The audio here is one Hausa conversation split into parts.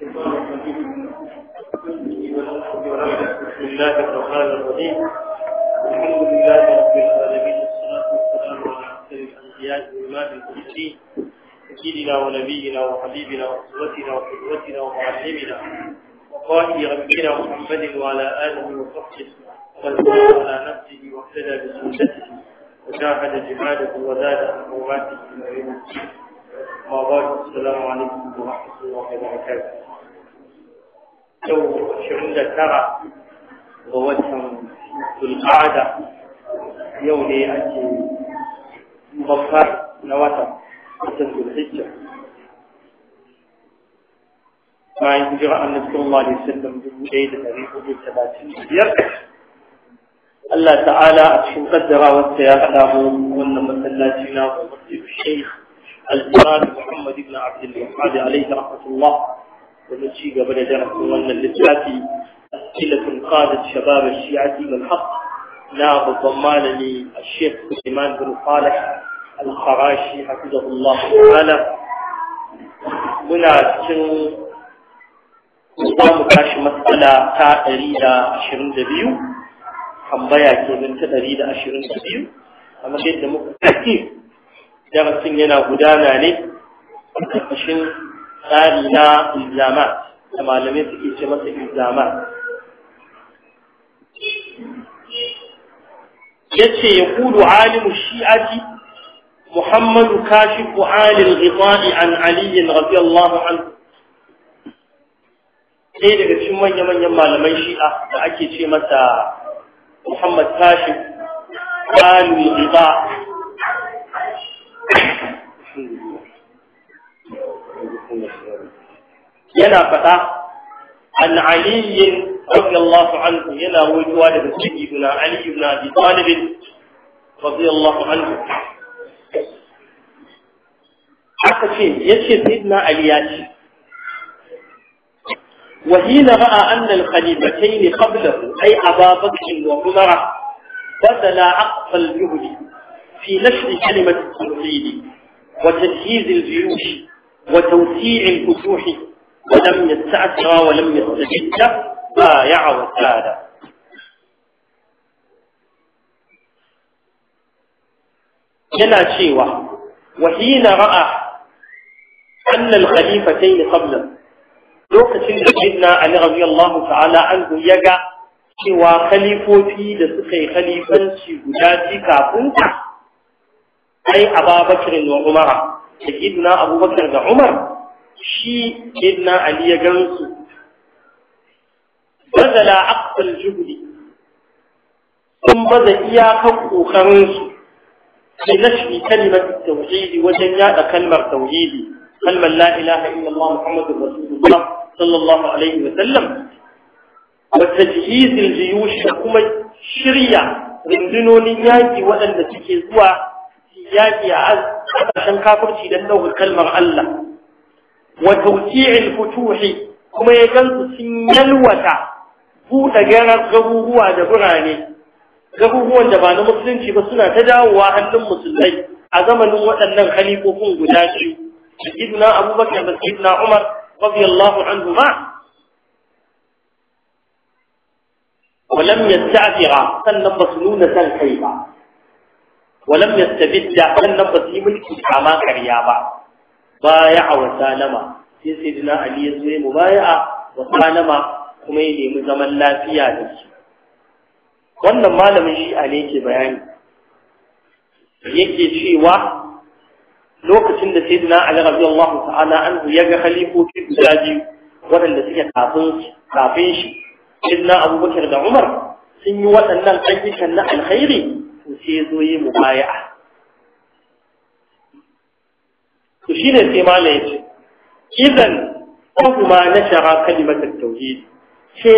بسم الله الرحمن الرحيم الحمد لله رب العالمين والصلاة والسلام على أكثر الأنبياء وإمام المرسلين سيدنا ونبينا وحبيبنا وأسوتنا وقدوتنا ومعلمنا وقائد ربنا محمد وعلى آله وصحبه ومن على نفسه واهتدى بسنته وجاهد جهاده وزاد عن قوماته إلى يوم الدين السلام عليكم ورحمة الله وبركاته لو عشرون ترى ووجههم في القعدة يولي أجي مبفر نواتا وتنزل الحجة ما ينجر أن نذكر الله عليه وسلم بالمجيد الذي حدود كبير الله تعالى أتشم قدر والسياق له وأن مثلاتنا ومرتب الشيخ الجلال محمد بن عبد الوهاب عليه رحمة الله domin ci gaba da darasin wannan littafi asilatun qadat shabab ash-shi'ati bil haqq na babban malami Sheikh Sulaiman bin Salih Al-Kharashi hafizahullah ta'ala muna cikin za mu tashi matsala ta 122 tambaya kenan ta 122 amma yadda muka darasin yana gudana ne a tsari na ilzamat da malamai suke ce masa ilzamat yace ya kudu alimu shi'ati muhammadu kashifu alil ghita'i an aliyin radiyallahu anhu ɗaya daga cikin manya-manyan malaman shi'a da ake ce masa muhammad kashif alin ghita'i yana faɗa an aliyin radiyallahu anhu yana wujuwa daga ciki guna ali ibn abi talib radiyallahu anhu aka ce yace sayyidina ali ya ce wa hina ra'a anna al khalifatayn qablahu ay aba bakr wa umar بذل أقصى الجهد في نشر كلمة التوحيد وتجهيز الجيوش وتوسيع الفتوح ولم يستعثر ولم يستجد بايع وسادة جنا شيوة وحين رأى أن الخليفتين قبل لوك سنجدنا علي رضي الله تعالى عنه يقع شوى خليفو في خليفة خليفا شهداتي كابنتا أي أبا بكر وعمر sayyidina abubakar da umar shi sayyidina ali ya gansu bazala aqsal juhdi sun baza iyakan kokarin su fi nashri kalimat tauhid wajen yada kalmar tauhidi kalmar la ilaha illallah muhammadur rasulullah sallallahu alaihi wa sallam wa tajhiz al kuma shirya rundunonin yaki waɗanda suke zuwa yaki a عشان كافرتي لأنه كلمر الله وتوسيع الفتوح كما يجنس سنلوة فوت جانت غبوهوها جبراني غبوهوها جبان مسلم شبسنا تجاوها هل مسلمي أزمن وأن الخليف هم قداشي سيدنا أبو بكر مسجدنا عمر رضي الله عنهما ولم يستعفر سنبصنون سنحيبا ولم يستبد wannan ba su yi mulkin kama karya ba baya a wasalama sai sayyidina ali ya zo ya mubaya'a wasalama kuma ya nemi zaman lafiya da shi wannan malamin shi a ne ke bayani yake cewa lokacin da sayyidina ali allahu ta'ala anhu ya ga halifofi guda biyu waɗanda suke kafin shi sayyidina abubakar da umar sun yi waɗannan ayyukan na alkhairi to sai zo yi mubaya'a to shine sai malai yace idan kuma na shara kalimatar tauhid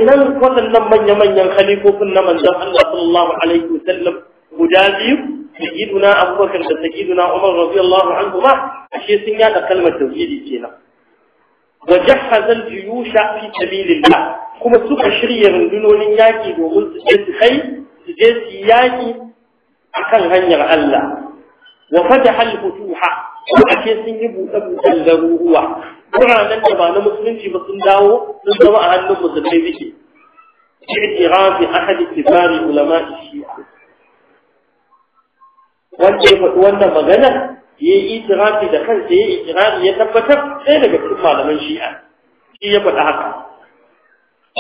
nan waɗannan manya-manyan halifofin na manzan Allah sallallahu alaihi wasallam guda biyu sayyiduna Abubakar da iduna Umar radiyallahu anhu ma ashe sun yada kalmar tauhidi kenan wa jahhaza al-juyush fi sabilillah kuma suka shirya rundunonin yaki domin su je su kai su je su yaki akan hanyar Allah wa fataha al-futuha ake sun yi buɗe buɗen garuruwa biranen da ba na musulunci ba sun dawo sun zama a hannun musulmai suke a ahadi kibari ulama shi'a wanda ya faɗi wannan magana ya yi itirafi da kansa ya yi itirafi ya tabbatar sai daga cikin malaman shi'a shi ya faɗi haka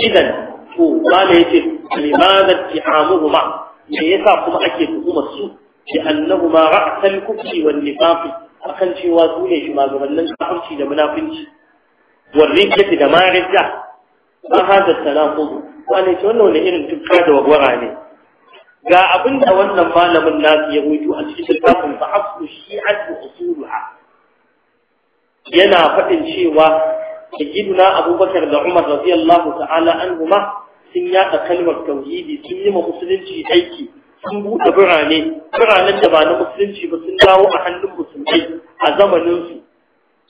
idan to mala ya ce limanar tihamuhu ma me yasa kuma ake tuhumar su bi ma ra'sal kufri wan nifaq akan cewa su ne shugabannin kafirci da munafinci wal rijjati da marija ba hada tanaqudu wani ce wannan wani irin tukka da wagwara ne ga abinda wannan malamin nasu ya rubuto a cikin littafin ba'afu shi'atu usuluha yana faɗin cewa sayyiduna abubakar da umar radiyallahu ta'ala anhuma sun yaɗa kalmar tauhidi sun yi ma musulunci aiki sun buɗe birane biranen da ba na musulunci ba sun dawo a hannun musulmai a zamaninsu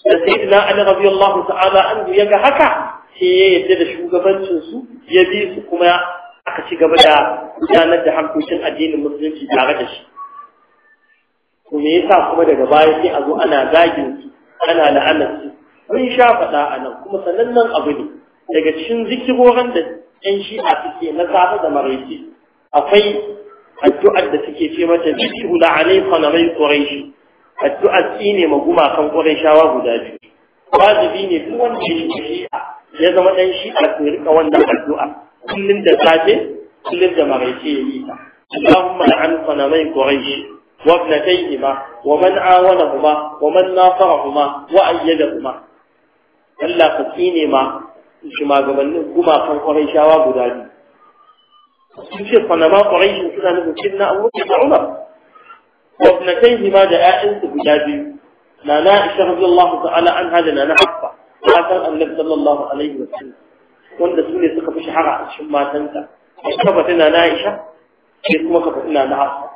da sai ina an rabi Allah ta'ala an ya ga haka sai ya yadda da shugabancinsu ya bi su kuma aka ci gaba da gudanar da harkokin addinin musulunci tare da shi to me yasa kuma daga baya sai a zo ana zagin su ana la'anar su mun sha faɗa a nan kuma sanannen abu ne daga cikin zikirorin da in shi a suke na safe da maraice akwai addu'ar da suke ce mata bihi hula alai khanamai quraish addu'ar shi ne gumakan kan shawa guda biyu wajibi ne duk wanda ya shi'a ya zama dan shi'a ko rika wannan addu'a kullun da safe kullun da maraice ya yi ta اللهم لعن صنمي قريش وابنتيهما ومن عاونهما ومن ناصرهما وأيدهما Allah ka tsine ma shugabannin gumakan ƙwarai shawa guda biyu sun ce kwanama ƙwarai shi suna nufin cin na abubakar da umar wabnatai hima da ‘ya'yansu guda biyu na na isha radiyallahu ta'ala an hada na na haffa matan annabi sallallahu alaihi wa sallam wanda su ne suka fi shahara a cikin matansa ka faɗi na na isha sai kuma ka faɗi na na haffa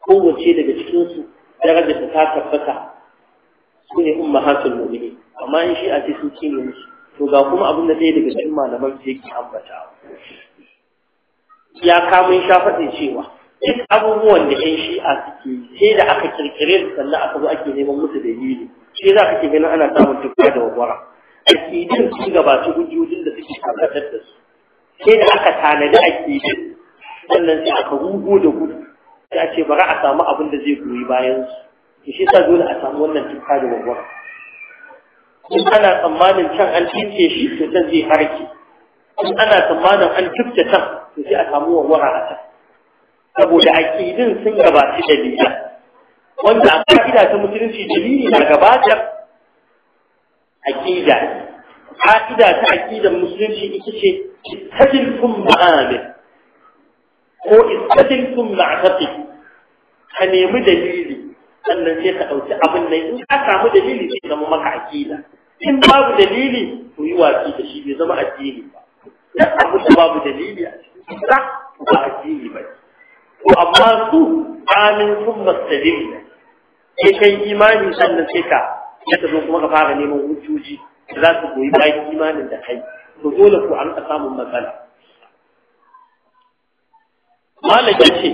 kowace daga cikinsu darajar da ta tabbata su ne umma ummahatul mu'minin amma in shi a ce sun cinye musu to ga kuma abin da zai daga cikin malaman su yake ambata ya sha shafaɗin cewa duk abubuwan da yan shi'a suke sai da aka kirkire su sannan aka zo ake neman musu dalili sai za ka ke ganin ana samun tukka da wawara akidin su gabaci hujjojin da suke tabbatar da su sai da aka tanadi akidin sannan sai aka rugo da gudu sai a ce bari a samu abin da zai goyi bayan su shi sa dole a samu wannan tukka da wawara in ana tsammanin can an cince shi to can zai harke in ana tsammanin an tufta can to sai a samu wawara a can saboda aƙidin sun gabaci dalilan wanda a ka'ida ta musulunci dalili na gabatar aƙida ka'ida ta aƙidan musulunci ita ce istadil ma'amin ko istadil kun ma'atafi ka nemi dalili sannan sai ka ɗauki abin nan in ka samu dalili sai zama maka aƙida in babu dalili ku yi watsi da shi bai zama addini ba duk abu da babu dalili a cikin sa ba addini ba to amma su amin sun mastalim ne sai kai imani sannan sai ka ya zo kuma ka fara neman hujjoji za su goyi bayan imanin da kai to dole ku an samun matsala malam ya ce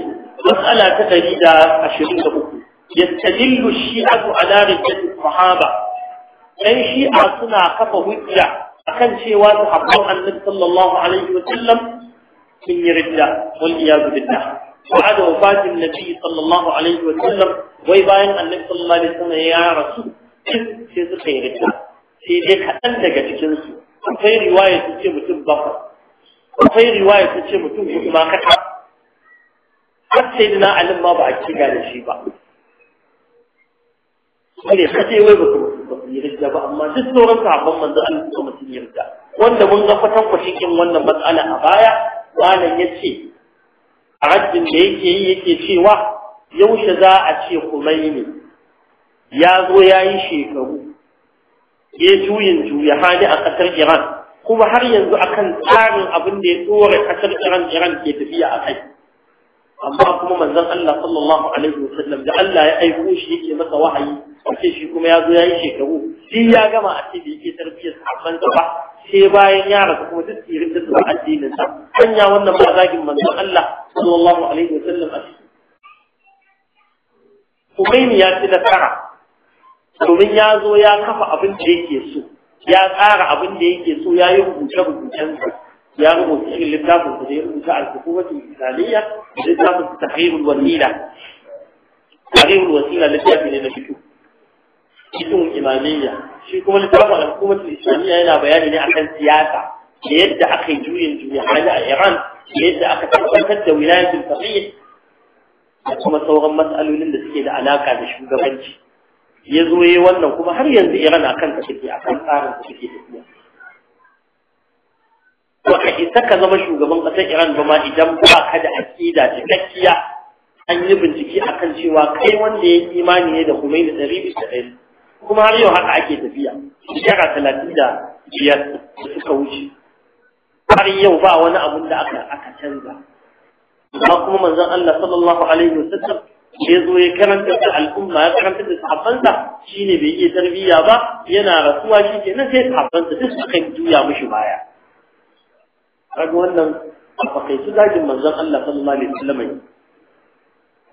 matsala ta ɗari da ashirin da uku yastadillu shi'atu ala rijal sahaba ɗan shi'a suna kafa hujja akan cewa su habban annabi sallallahu alaihi wa sallam sun yi ridda wal iyadu billah بعد وفاة sallallahu alaihi wa عليه وسلم ويبين النبي صلى الله عليه وسلم يا رسول sai suka yi rita sai dai kaɗan daga cikinsu akwai riwaya su ce mutum bakwai akwai riwaya su ce mutum hudu ma kata har sai dina alim ma ba a kiga da shi ba ne kace wai ba ba su yarda ba amma duk sauran sahabban manzo Allah su mutum wanda mun ga fatan cikin wannan matsala a baya malam yace a rajin da yake yi yake cewa yaushe za a ce ne? ya zo ya yi shekaru ya juyin juya hali a ƙasar Iran kuma har yanzu akan tsarin abin da ya tsore ƙasar Iran Iran ke tafiya a kai amma kuma manzon Allah sallallahu alaihi wasallam da Allah ya aiko shi yake masa wahayi ake shi kuma ya zo ya yi shekaru shi ya gama a ce da yake tarbiyyar sabon sa ba sai bayan ya rasu kuma duk irin da su addinin sa sanya wannan ba zagin manzon Allah sallallahu alaihi wasallam a ciki Umayni ya ci nasara domin ya zo ya kafa abin da yake so ya tsara abin da yake so ya yi rubuce-rubucen sa ya rubuta irin littafin da ya rubuta al-hukumatu al da littafin tahrirul wasila tahrirul wasila littafin ne na fito cikin imamiyya shi kuma littafin al'ummatul islamiyya yana bayani ne akan siyasa da yadda aka yi juyin juya hali a iran da yadda aka tabbatar da wilayatul faqih da kuma sauran matsalolin da suke da alaka da shugabanci ya zo yi wannan kuma har yanzu iran akan ta take akan tsarin take tafiya ba ka isa ka zama shugaban ƙasar iran ba ma idan ba ka da aƙida cikakkiya an yi bincike akan cewa kai wanda ya imani ne da kuma da ɗari bisa ɗari kuma har yau haka ake tafiya shekara talatin da biyar da suka wuce har yau ba wani abun da aka aka canza amma kuma manzon Allah sallallahu alaihi wasallam ya zo ya karanta da al'umma ya karanta da sahabbansa shine bai iya tarbiyya ba yana rasuwa shi ke nan sai sahabbansa duk suka juya mishi baya kaga wannan a su dajin manzon Allah sallallahu alaihi wasallam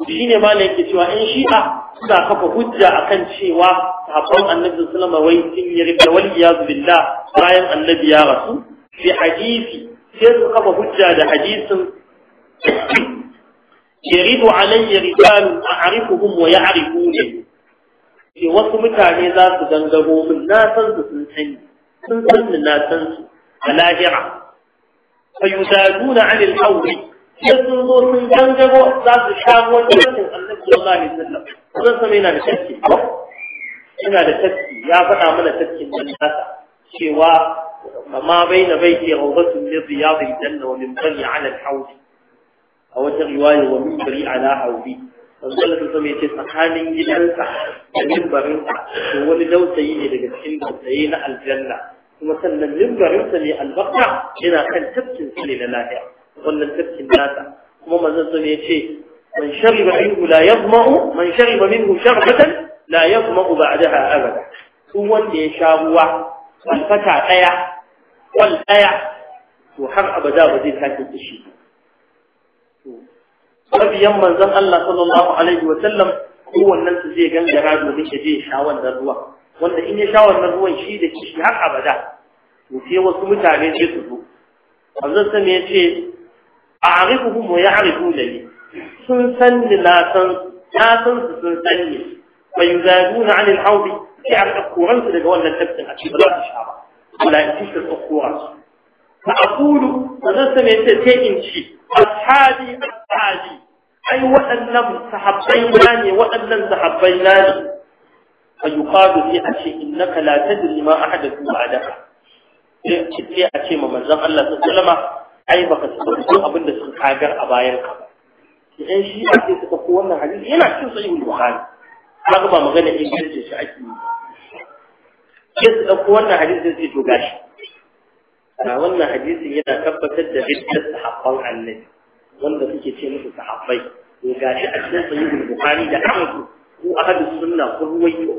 shine ma ne yake cewa in shi'a suna kafa hujja akan cewa sahabban annabi sallama wai sun yi rika wal iyazu billah bayan annabi ya rasu fi hadisi sai su kafa hujja da hadisin yaridu alayya rijalun a'rifuhum wa ya'rifuni ke wasu mutane za su gangamo min na san su sun sani sun san ni na san su a lahira fa yuzaduna 'ala al-hawli sai sun zo sun gangaro za su sha wannan annabi sallallahu alaihi wasallam sun san yana da shakki suna da tafki ya faɗa mana tafkin nan nasa cewa kama bai baiti rawdatun min riyadil janna wa min bari ala al-hawd a wata riwaya wa min bari ala hawdi Allah ta sami ce tsakanin gidansa da mimbarinsa to wani dausayi ne daga cikin dausayi na aljanna kuma sannan mimbarinsa ne albarka yana kan tafkin sa ne na lafiya wannan tafkin nasa kuma manzon sun ya ce man shariba minhu la yadma'u man shariba minhu sharbatan la yaqma'u ba'daha abada su wanda ya sha ruwa kwalfata daya kwal daya to har abada ba zai sake kishi to mabiyan manzon Allah sallallahu alaihi wa sallam wannan su zai gangara domin ya je sha wannan ruwa wanda in ya sha wannan ruwan shi da kishi har abada to sai wasu mutane sai su zo manzon sa me yace ya wa da ni sun san ni na san na san su sun san ni Mai yuzaduna na al-hawd sai a rika daga wannan tafkin a cikin ba sha ba mala'iku su kokora su fa aqulu zan same ta sai in ci ashabi ashabi ai waɗannan sahabbai na ne waɗannan sahabbai na ne fa yuqalu fi ashi innaka la tadri ma ahadathu ba'daka sai a ce ma manzon Allah sallallahu alaihi ai baka san abin da suka kagar a bayan ka yan shi ake wannan yana cikin sahihul bukhari kaga ba magana ingancin shi ake yi sai su ɗauko wannan hadisin sai to gashi ga wannan hadisin yana tabbatar da riddar sahabban annabi wanda suke ce musu sahabbai to gashi a cikin sahihul bukhari da ahmad ko ahadu sunna ko ruwayo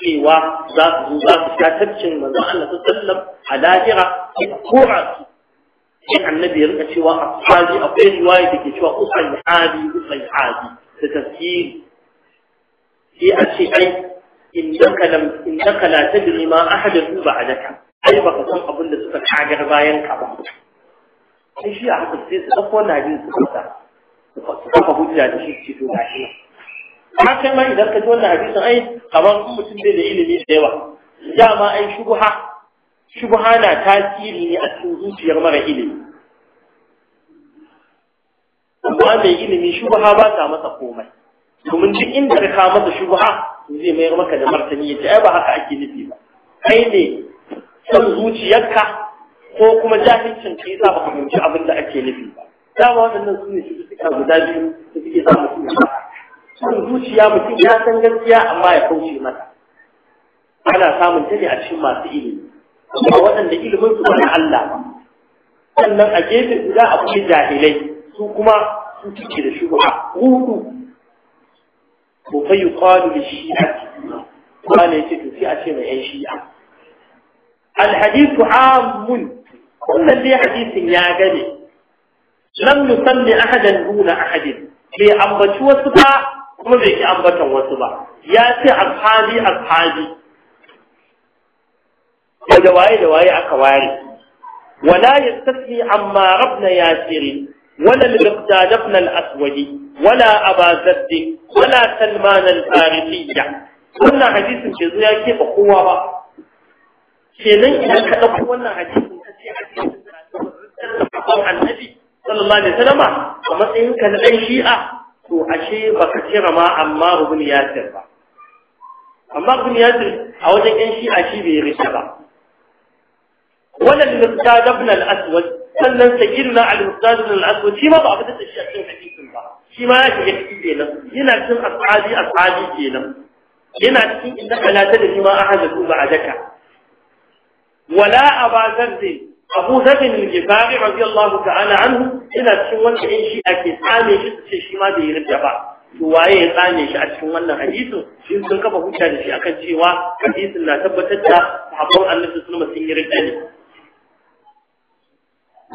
cewa za su zo za su sha tabbacin manzo Allah sallallahu a lahira ko a sai annabi ya rika cewa a ashabi akwai riwaya da ke cewa usan hadi usan hadi da tafsiri sai a ce ai innaka lam innaka la tadri ma a daka, ai baka san abin da suka kagar bayan ka ba sai shi a haka sai su dauko na jin su fata su kafa hujja da shi ce to gashi nan haka ma idan ka ji wannan hadisin ai kamar mutum bai da ilimi da yawa dama ai shubha shubha na tasiri ne a cikin zuciyar mara ilimi amma mai ilimi shubha ba ta masa komai domin duk inda ka kawo masa shubha zai mayar maka da martani ya ce ai ba haka ake nufi ba kai ne san zuciyarka ko kuma jahilcin ka yasa baka fahimci abin da ake nufi ba dama waɗannan su ne cututtuka guda biyu da suke sa mutum ya son zuciya mutum ya san gaskiya amma ya kauce mata ana samun ta ne a cikin masu ilimi amma waɗanda ilimin su ba na Allah ba sannan a gefe guda akwai jahilai su kuma su cike da shugaba hudu ko fa yuqalu li shi'ati wala yace to sai a ce mai yan shi'a al hadithu amun wannan dai hadisin ya gane lam yusalli ahadan duna ahadin bai ambaci wasu ba kuma bai ki ambatan wasu ba ya ce ashabi ashabi da waye da waye aka ware wala yastasmi amma rabna yasiri wala al-miqdad ibn aswadi ولا أبا زد ولا سلمان الفارسية wannan hadisin ke zo ya keɓe kowa ba kenan idan ka ɗauko wannan hadisin ka ce hadisin da ta annabi sallallahu alaihi wasallam a matsayin ka na ɗan shi'a to ashe baka cira ma amma ibn yasir ba amma ibn a wajen ɗan shi'a shi bai rike ba wannan miqdad ibn sannan al shi ma ba a fitar da shi a cikin hadisin ba shi ma ya shiga ciki kenan yana cikin ashabi ashabi kenan yana cikin inda kalata da shi ma ahadu su ba adaka wala abazan zai abu zabin al-gifari radiyallahu ta'ala anhu yana cikin wanda in shi ake tsame shi su ce shi ma bai rinda ba to waye ya tsame shi a cikin wannan hadisin shi sun kafa hujja da shi akan cewa hadisin na tabbatar da sahabban annabi sallallahu alaihi wasallam sun yi rinda ne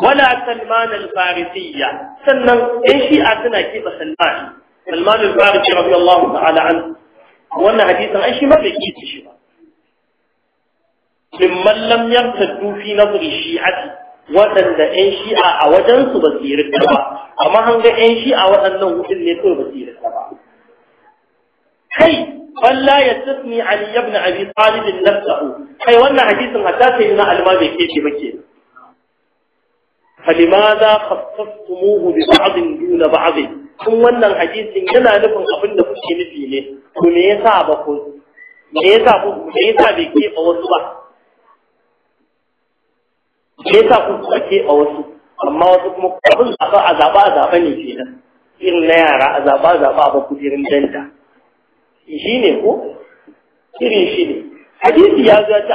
wala salman al sannan ɗan shi'a suna kifa salman salman al-farisi radiyallahu ta'ala an wannan hadisin shi ma bai kifa shi ba mimman lam yartaddu fi nazri shi'ati waɗanda ɗan shi'a a wajensu ba su yi ba amma an ga ɗan shi'a waɗannan ne ba kai فلا يستثني علي بن ابي طالب نفسه اي wannan hadisin hatta sai na alma bai kece ba فلماذا خصصتموه ببعض دون بعض kun wannan hadisin yana nufin abin da kuke nufi ne to me yasa ba ku me yasa ku me yasa bai ke a wasu ba me yasa ku ke a wasu amma wasu kuma abin zaba a zaba a zaba ne kenan irin na yara a zaba a zaba a ba kujerin danta shi ne ko irin shi ne hadisi ya zo ya ce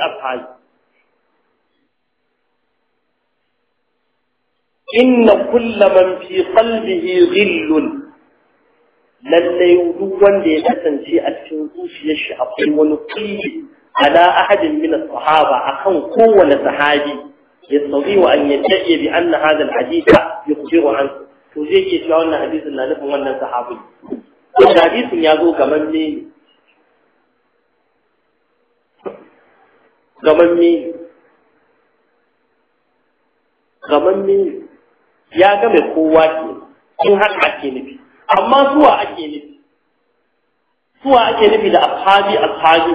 a a إن كل من في قلبه غل لَلَّيْ يُدُوَّنْ لِيَسَنْ فِي أَلْتِنْقُوشِ يَشْعَبْهِ وَنُقِيهِ على أحد من الصحابة أخاً قوة لسحادي يستطيع أن يتأي بأن هذا الحديث يخبر عن توجيه يتعون حديث النالف وأن الصحابي الحديث يقول كمان مين كمان مين كمان مين ya ga mai kowa ke in haka ake nufi amma zuwa ake nufi zuwa ake nufi da ashabi ashabi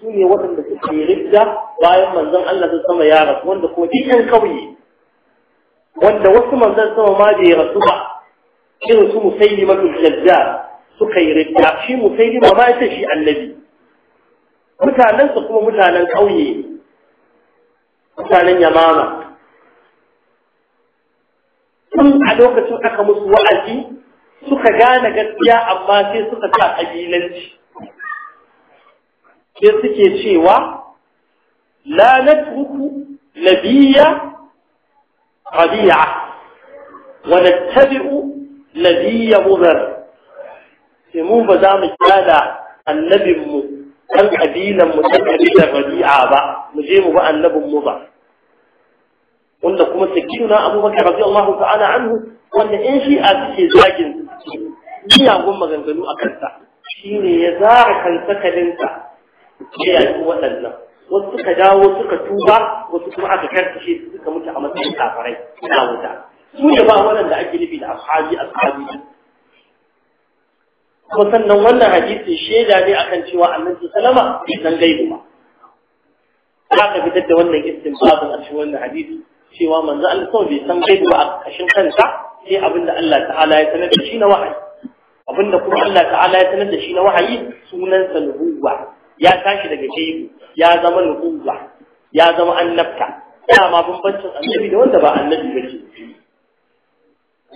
su ne waɗanda suka yi ridda bayan manzon Allah ta sama ya rasu wanda kuma duk yan kauye wanda wasu manzon sama ma bai rasu ba irin su musailima tul jazzar suka yi ridda shi musailima ma ya shi annabi mutanensa kuma mutanen ƙauye, mutanen yamama tun a lokacin aka musu wa'azi suka gane gaskiya amma sai suka sa kabilanci sai suke cewa la natruku nabiyya rabi'a wa nattabi'u nabiyya mudhar sai mu ba za mu kyala annabinmu ɗan ƙabilanmu ɗan ƙabilar rabi'a ba mu je mu ba annabinmu ba wanda kuma sakiduna abubakar radiyallahu ta'ala anhu wanda in shi a suke zagin miyagun maganganu a kansa shi ne ya zara kansa kalinsa ya yi waɗannan wasu suka dawo suka tuba wasu kuma aka karkashe su suka mutu a matsayin kafarai na wuta su ne ba waɗanda ake nufi da ashabi ashabi kuma sannan wannan hadisi shaida ne akan cewa annabi sallama dan gaibu ba za ka fitar da wannan istinbabin a cikin wannan hadisi cewa manzo Allah sau bai san ba a ƙashin kansa sai abinda Allah ta'ala ya sanar da shi na wahayi abinda kuma Allah ta'ala ya sanar da shi na wahayi Sunansa sa nubuwa ya tashi daga gaibu ya zama nubuwa ya zama annabta dama bambancin annabi da wanda ba annabi ba ce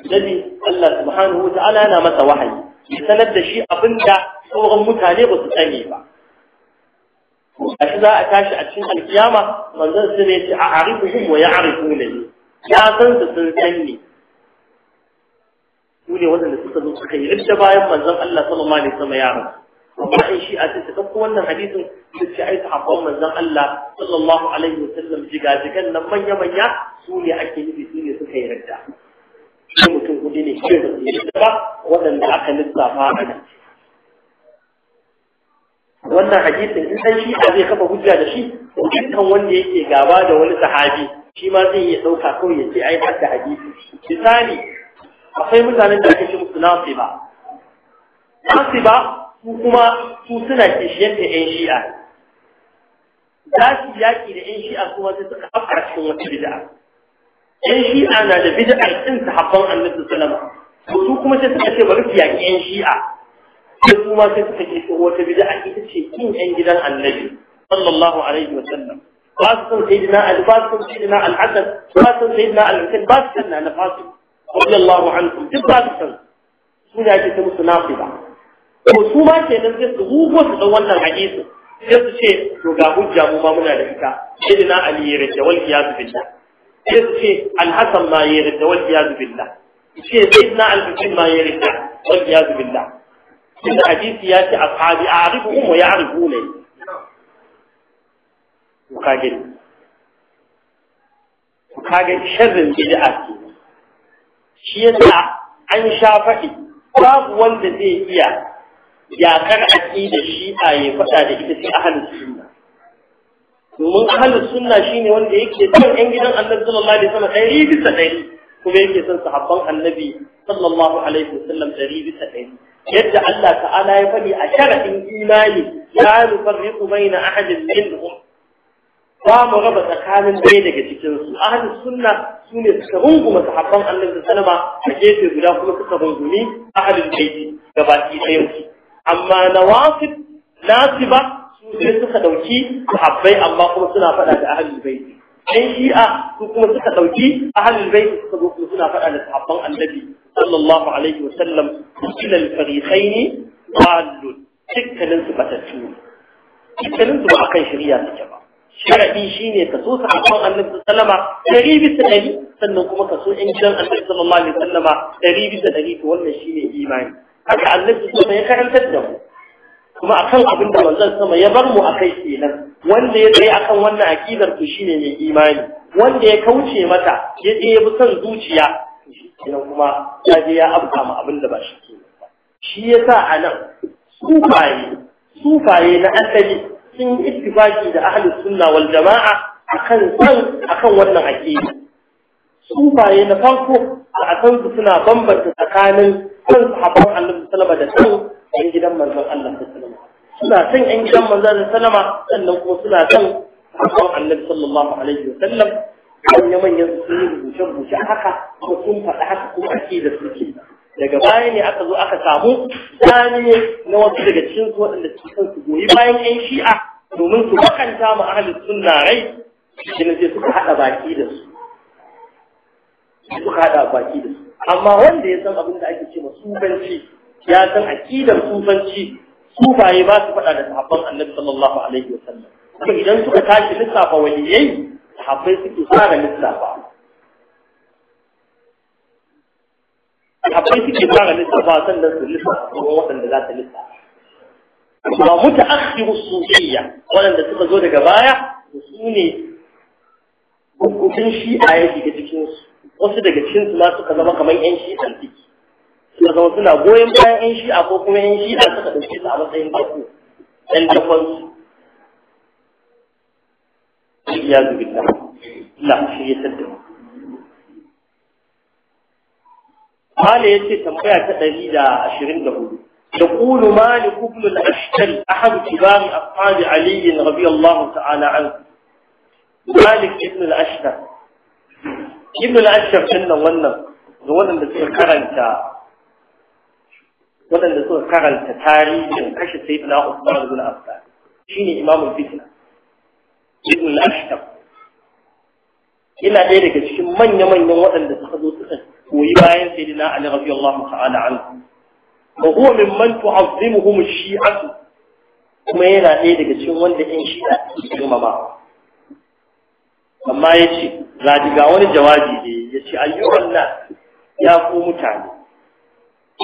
annabi Allah subhanahu wa ta'ala yana masa wahayi ya sanar da shi abinda sauran mutane ba su sani ba Ashi za a tashi a cikin alkiyama manzon sai ne ce a arifuhum wa ya'rifuna ni ya san da sun san ni su ne waɗanda suka zo suka yi da bayan manzon Allah sallallahu alaihi wasallam ya rasu amma in shi a cikin ɗauko wannan hadisin da ce ai sahabban manzon Allah sallallahu alaihi wasallam jigan nan manya manya su ne ake nufi su ne suka yi ridda mutum kudi ne shi da ba waɗanda aka lissafa a nan wannan hadisin in dan shi zai kafa hujja da shi to dukkan wanda yake gaba da wani sahabi shi ma zai iya dauka kawai ya ce ai hadda hadisi misali akwai mutanen da ake ce musu nasiba ba su kuma su suna kishiyanta yan shi'a za su yaki da yan shi'a kuma sai suka afka cikin wata bid'a yan shi'a na da bid'a din sahabban annabi sallallahu alaihi wasallam su kuma sai suka ce bari su yaki yan shi'a sai su ma sai suka ke wata bid'a ita ce kin yan gidan annabi sallallahu alaihi wa sallam ba su san sayyidina ali ba su san sayyidina al-hasan ba su san sayyidina al-husain ba su san nana fasu radiyallahu anhum duk ba su san su ne ake ta musu nafiba ko su ma kenan sai su rugo su dan wannan hadisi sai su ce to ga hujja mu ma muna da ita sayyidina ali ya rike wal qiyas billah sai su ce al-hasan ma ya rike wal qiyas billah sai sayyidina al-husain ma ya rike wal qiyas billah tun da hadisi ya ce ashabi a arifu umu ya arifu ne ku kage ku kage sharrin bid'a ce shi yasa an sha faɗi babu wanda zai iya yakar aqida shi'a ya faɗa da ita sai ahlus sunna domin ahlus sunna shine wanda yake son yan gidan annabi sallallahu alaihi wasallam ɗari bisa ɗari kuma yake son sahabban annabi sallallahu alaihi wasallam ɗari bisa ɗari yadda Allah ta'ala ya faɗi a sharadin imani la nufarriqu baina ahadin minhum ba mu raba tsakanin ɗaya daga cikin su ahlus sunna sune suka runguma sahabban Annabi sallama a gefe guda kuma suka rungumi ahlul baiti baki ɗayan su amma nawafid nasiba su sai suka ɗauki sahabbai amma kuma suna faɗa da ahadin baiti ɗan shi'a su kuma suka ɗauki a halin bai suka zo kuma suna faɗa da sahabban annabi sallallahu alaihi wa sallam ila al-fariqaini dallun dukkanin su batattu dukkanin su ba a kan shari'a suke ba shi ne ka so sahabban annabi sallama dari bisa dari sannan kuma ka so in gidan annabi sallallahu alaihi wa sallama dari bisa dari to wannan ne imani haka annabi sallallahu ya karantar da mu kuma akan abin da manzon sama ya bar mu akai kenan wanda ya tsaye akan wannan akidar to shine mai imani wanda ya kauce mata ya je ya bi son zuciya kenan kuma ya je ya afka mu abin da ba shi ke shi yasa anan sufaye sufaye na asali sun ittifaki da ahli sunna wal jama'a akan san akan wannan akida sufaye na farko a san su suna bambanta tsakanin san sahabban annabi sallallahu alaihi wasallam da san ɗan gidan manzon Allah salama, suna son ɗan gidan manzon Allah salama sannan kuma suna son sabon annabi sallallahu alaihi wa sallam manya manyan sun yi rubuce rubuce haka kuma sun faɗa haka kuma ake da suke daga baya ne aka zo aka samu zane na wasu daga cikin su waɗanda suke son su goyi bayan ƴan shi'a domin su bakanta mu ahlus sunna rai shi ne suka haɗa baki da su suka haɗa baki da su amma wanda ya san abin da ake ce ma subanci ya san aqidar sufanci sufaye ba su faɗa da sahabban annabi sallallahu alaihi wa sallam kuma idan suka tashi lissafa waliyai sahabbai suke fara lissafa sahabbai suke fara lissafa sannan su lissafa kuma waɗanda za ta lissafa kuma muta'akhiru sufiyya waɗanda suka zo daga baya su ne hukumin shi'a ya shiga cikinsu wasu daga cikinsu ma suka zama kamar 'yan shi'an ciki ya zama suna goyon bayan yan shi'a ko kuma yan shi'a suka ɗauke su a matsayin dako ɗan dakon su ya zubi ta la shi ya sadda Mala ya ce tambaya ta ɗari da ashirin da hudu. يقول مالك بن الأشتري أحد كبار أصحاب علي رضي الله تعالى عنه مالك بن الأشتري ibn al-ashaf din nan wannan da wannan da suka karanta waɗanda suka karanta tarihin kashe sayyidina Usman ibn Affan shine imamul fitna ibn al-Ashtab ina ɗaya daga cikin manya-manyan waɗanda suka zo suka koyi bayan sayyidina Ali radiyallahu ta'ala anhu wa huwa mimman tu'azzimuhum ash-shi'atu kuma yana ɗaya daga cikin wanda ƴan shi'a suke girmamawa amma yace ga wani jawabi ne, yace ayyuhan nas ya ku mutane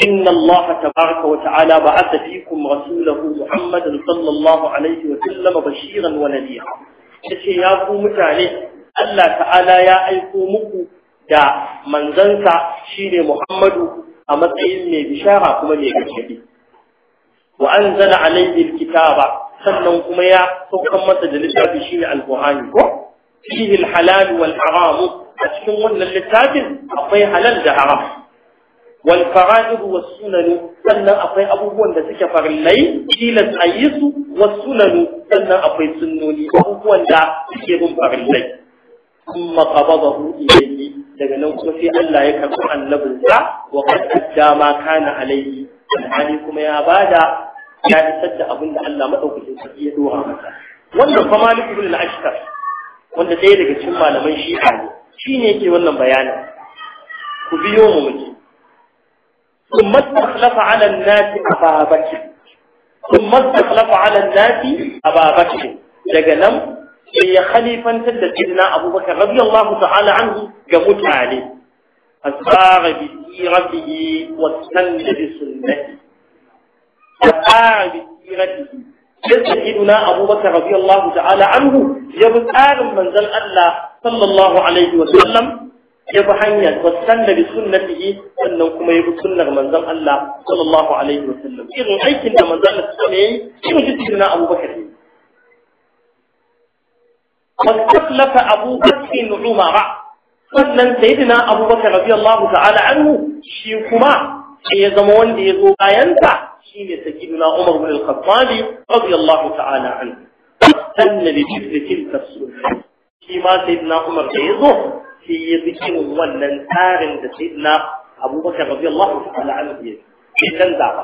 إن الله تبارك وتعالى بعث فيكم رسوله محمد صلى الله عليه وسلم بشيرا ونذيرا yace ya ku mutane Allah ta'ala ya aiko muku da manzansa shine Muhammadu a matsayin mai bishara kuma mai gargadi wa anzala alayhi alkitaba sannan kuma ya sauka masa da littafi shine alqur'ani ko fihi alhalal wal haram a cikin wannan littafin akwai halal da haram wal fara'id was sunan sannan akwai abubuwan da suke farillai tilas tsayisu was sunan sannan akwai sunnoni abubuwan da suke bin farillai kuma qabadahu ilayhi daga nan kuma sai Allah ya karɓi sa wa qad dama kana alayhi alhali kuma ya bada ya isar da abin da Allah madaukakin sarki ya dora masa wannan fa Malik ibn al-Ashtar wanda ɗaya daga cikin malaman Shi'a ne shine yake wannan bayanin ku biyo mu mutum. ثم استخلف على الناس أبا بكر ثم استخلف على الناس أبا بكر لقنا يا خليفة سيدنا أبو بكر رضي الله تعالى عنه قمت عليه أسار بسيرته واستند بسنته أسار بسيرته سيدنا أبو بكر رضي الله تعالى عنه يبقى من ذل الله صلى الله عليه وسلم ya bi hanyar wasanna bi sunnatihi sannan kuma ya bi sunnar manzon Allah sallallahu alaihi wa sallam. irin aikin da manzon Allah sallallahu alaihi wasallam yayi irin shi na Abu Bakar واستخلف أبو بكر عمر sannan sayyidina abubakar radiyallahu ta'ala anhu shi kuma ya zama wanda ya zo bayansa shine sayyidina umar bin al-khattab radiyallahu ta'ala anhu sannan da tilka tilka shi ma sayyidina umar da ya zo sai ya bi irin wannan tsarin da sai na abubakar rabi Allah su ta'ala an biye sai canza ba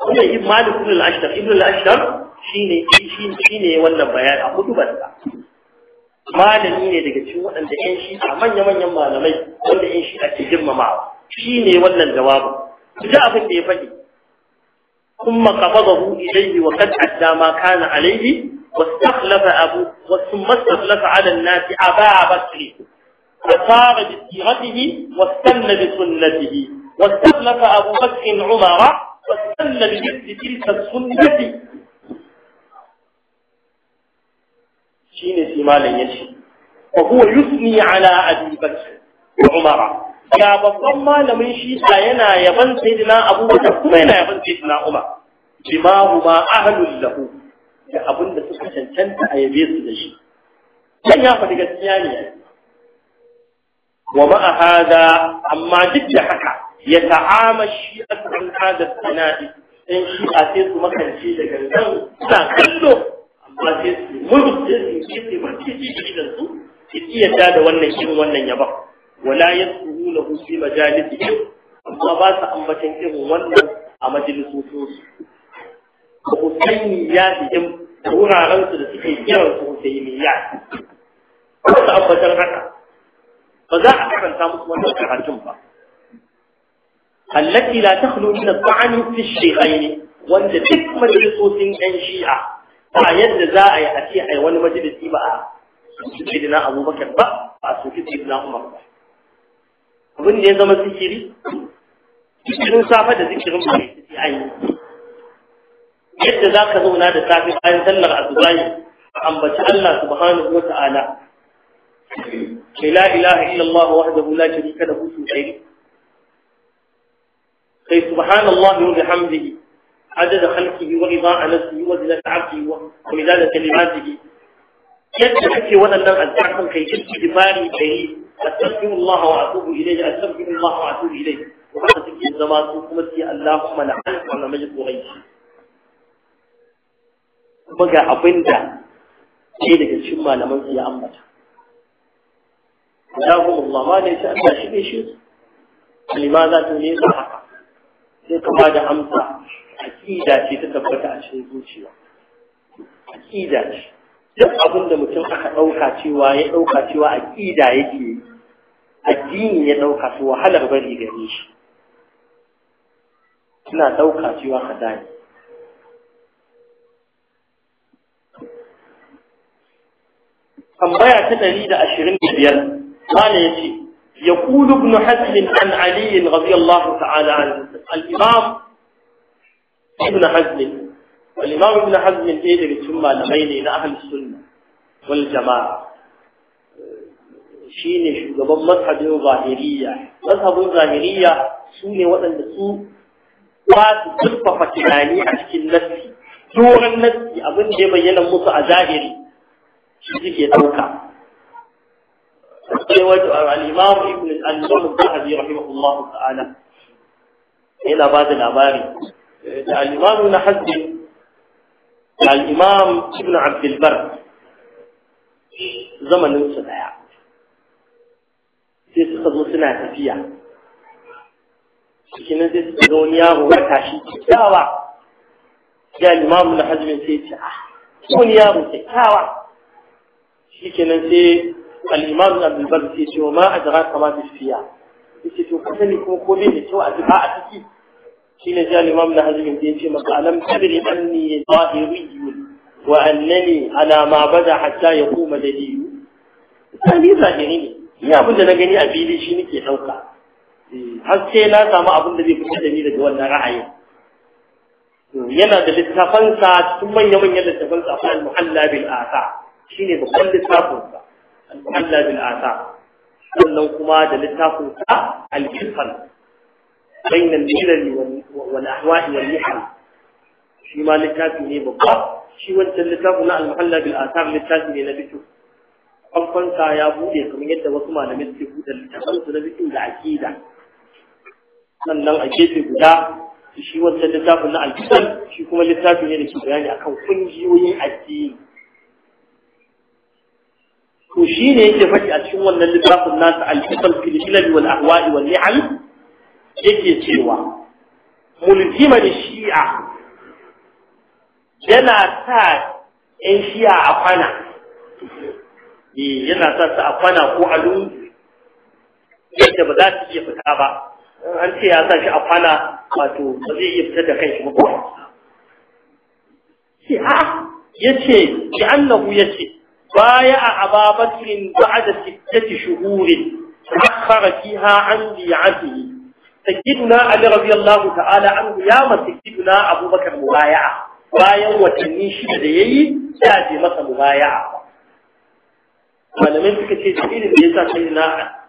kuma yi malik ibn al-ashtar ibn al-ashtar shine wannan bayan a ba sa malami ne daga cikin waɗanda shi a manya-manyan malamai wanda shi shi'a ke girmamawa shine wannan jawabin ku ji abin da ya faɗi kuma qafadahu ilayhi wa kan addama kana alayhi واستخلف أبو ثم استخلف على الناس أبا بكر فصار بسيرته واستن بسنته واستخلف أبو بكر عمر واستنى بمثل تلك السنة شين سمالا يشي وهو يثني على أبي بكر وعمر يا لم يشي shi yana سيدنا أبو بكر kuma yana yaban سيدنا عمر bima huma أهل له da abin da suka cancanta a yabe su da shi kan ya faɗi gaskiya ne wa ma'a hada amma duk da haka ya ta'ama shi a cikin hada sana'i in shi a sai su makance da gangan suna kallo amma sai su sai su yi sai mace ce da su ki iya da wannan irin wannan yaba wala yasuru lahu fi majalisihi amma ba su ambatan irin wannan a majalisocinsu da husainiya din da wuraren su da suke kiran su husainiya ko su ambatar haka ba za a karanta musu wannan karatun ba allati la takhlu min al-ta'an fi shaykhayn wanda duk majalisosin yan shi'a ba yadda za a yi a ce ai wani majalisi ba a sayyidina abubakar ba a soki sayyidina umar ba abin da ya zama zikiri cikin safa da zikirin ba ne yi. yadda za ka zauna da safe bayan sallar azubayi ka ambaci Allah subhanahu wa ta'ala ke la ilaha illallah wahdahu la sharika lahu sosai kai subhanallahi wa bihamdihi عدد خلقه ورضاء نفسه وزنة عبده ومداد كلماته yadda kake waɗannan azzakan kai kirki dibari kai astaghfiru Allah wa atubu ilayhi astaghfiru Allah wa atubu ilayhi wa haka suke zama su kuma sai Allahumma la'an wa la majid ghayri kuma ga abin da ke daga cikin malaman ya ambata ya kuma Allah ma ne sai Allah shi ne shi za ta ne sa haka sai ka da amsa aqida ce ta tabbata a cikin zuciya aqida ce duk abin da mutum aka dauka cewa ya ɗauka cewa aqida yake addini ya dauka to wahalar bari gare shi ina ɗauka cewa kadai tambaya ta ɗari da ashirin da biyar mana ya ce ya kulu ibn hazmin an aliyin radiyallahu ta'ala an al'imam ibn hazmin al'imam ibn hazmin ɗaya daga cikin malamai ne na ahal sunna wal jama'a shine shugaban mazhabin zahiriya mazhabin zahiriya su ne waɗanda su ba su zurfafa tunani a cikin nassi doron nassi abin da ya bayyana musu a zahiri suke ɗauka sai al-imam ibn al zahabi rahimahullahu ta'ala yana ba da labari da al-imam na hajji da al-imam ibn abdulbar zamanin su daya sai suka zo suna tafiya cikin sai suka ga wani yaro ya tashi kyakkyawa ya imam na hajjin sai ce ah wani yaro kyakkyawa shikenan sai al-imam sai ce ma adraka ma to kuma a a ciki shine na hazmin da yace maka alam anni wa annani ala ma bada hatta yaquma dalil ni zahiri ne ni abin da na gani a fili shi nake ɗauka har sai na samu abin da zai da ni daga wannan ra'ayin yana da littafansa cikin manya-manyan littafansa a al-muhalla asa shine babban littafin sa al-muhalla bil asar sannan kuma da littafin sa al-kifal bain al-milal wal ahwa'i wal nihal shi ma littafi ne babba shi wancan littafin na al-muhalla bil asar littafi ne na bitu kamfansa ya bude kamar yadda wasu malamai suke bude littafin su na bitu da aqida sannan a gefe guda shi wancan littafin na alkitab shi kuma littafi ne da ke bayani akan kungiyoyin addini to shi ne yake faɗi a cikin wannan littafin nasa al-fiqh fil wal ahwa'i wal ni'al yake cewa mulzima da shi'a yana sa ‘yan shi'a a kwana, eh, yana sa su a kwana ko a lungu yadda ba za su iya fita ba, an ce ya sa shi a kwana wato ba zai iya fita da kanshi ba. ko ya ce, ki annahu ya ce, بايع أبا بكر بعد ستة شهور تأخر فيها عن بيعته سيدنا علي رضي الله تعالى عنه يا ما سيدنا أبو بكر مبايعة bayan watanni shida da yayi ya je masa mubaya'a malamai suka ce dalilin da yasa sai na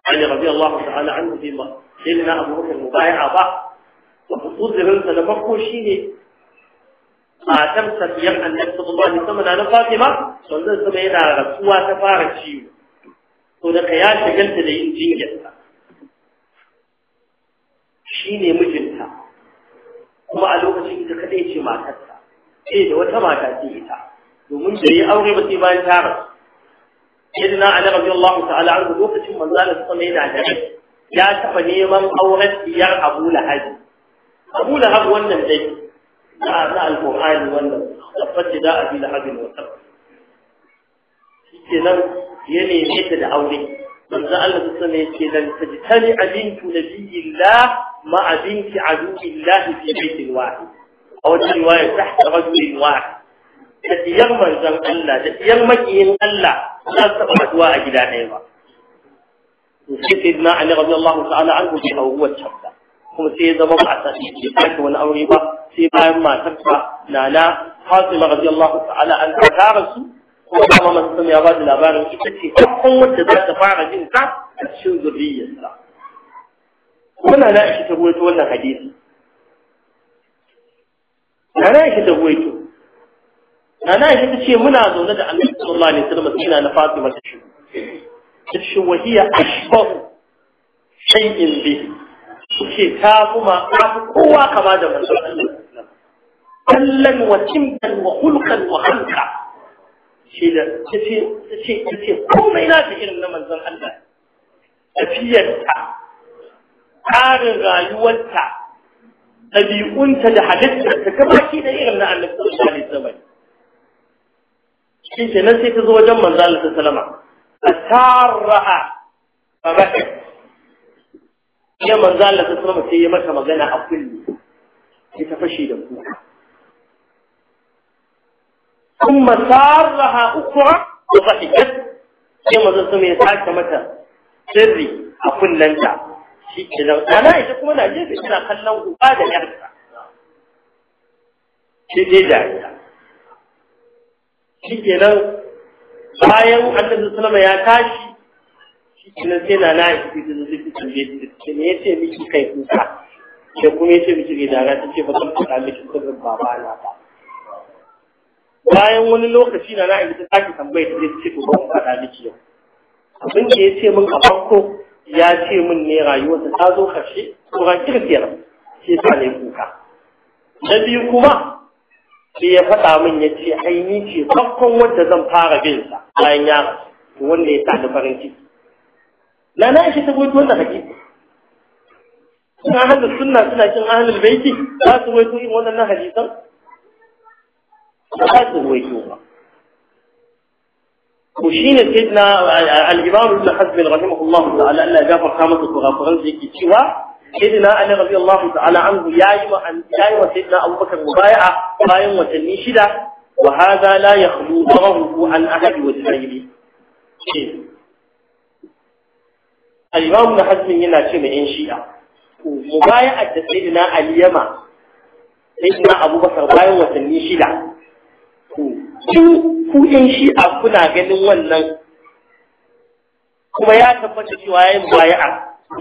Ali radiyallahu ta'ala anhu bai ma sai na Abu ba wa na farko shine matar safiyar annabi sallallahu alaihi wasallam na Fatima sallallahu alaihi wasallam yana rasuwa ta fara ciwo to da ya shagalta da yin Shi shine mijinta kuma a lokacin ita kadai ce matarsa eh da wata mata ce ita domin da yi aure ba sai bayan ta rasu na Ali radiyallahu ta'ala anhu lokacin manzo Allah sallallahu alaihi wasallam ya taba neman auren iyar Abu Lahab Abu Lahab wannan dai na na alƙur'ani wannan tabbace da abi da habin wa tab shikenan ya neme ta da aure manzo Allah ta sani yake dan tajtani abintu nabiyillah ma abinti adubillah fi baitin wahid a wata riwaya tahta rajulin wahid da diyar manzon Allah da diyar makiyin Allah za su taɓa haduwa a gida ɗaya ba sai sai na Ali radiyallahu ta'ala anhu bai auri wacce ba kuma sai zama ba a sani bai wani aure ba sai bayan matarsa na na nana rabi Allah ta'ala an ta su. ko kuma manzon ya ba da labarin ita ce farkon wanda za ta fara jin ta a cikin zuriyarsa kuma na Aisha ta ruwaito wannan hadisi Na na Aisha ta ruwaito nana Aisha ta ce muna zaune da Annabi sallallahu alaihi wasallam sai na Fatima ta shigo ta ce wahiya ashbahu shay'in bihi ce ta kuma ta kowa kama da manzon Allah كلا وتمدا وخلقا وخلقا شيلا تشي تشي تشي قوم إلى تشيل لما نزل حلا تفيل تا أنت لحدثت تكما كيدا يغلنا أن نكتب شالي الزمان شيلا نسي تزو جمع نزل فبكت يا من زال لك السلامة سيما كما قلنا أقل يتفشي ثم سارها أخرى وضحكت كما sirri a متى سري أقول لنتا شيء كذا أنا إذا كنا نجيب إلى خلنا وبعد يرجع شيء Shi شيء nan, bayan annabi sallama ya tashi shi kenan sai na na shi da zuci tambaye shi ne yace miki kai kuka sai kuma yace miki da ga ta ce ba kan fada miki sirrin babana ba bayan wani lokaci na na ta sake tambayar zai ce ko ban faɗa miki yau abin da ya ce min a farko ya ce min ne rayuwarsa ta zo karshe ko ga kirkiyar ce ta ne kuka na biyu kuma sai ya faɗa min ya ce ai ni ce farkon wanda zan fara bin sa bayan ya rasu wanda ya sa farin ciki na na shi ta goyi wannan hakiki sun ahlus sunna suna cin ahlul baiki za su goyi irin wannan hadisan قد وجوبا وشين سيدنا الإمام ابن حزم رحمه الله تعالى أن جابر خامس الغفر لك سوى سيدنا أن رضي الله تعالى عنه يا إما أن يا إما سيدنا أبو بكر مبايعة قائم طيب وتنيشدة وهذا لا يخلو ضره عن أحد وزنيبه الإمام ابن حزم هنا كما إن شيئا مبايعة سيدنا اليما سيدنا أبو بكر قائم طيب وتنيشدة in ku shi a kuna ganin wannan kuma ya tabbata cewa ya yi mubaya'a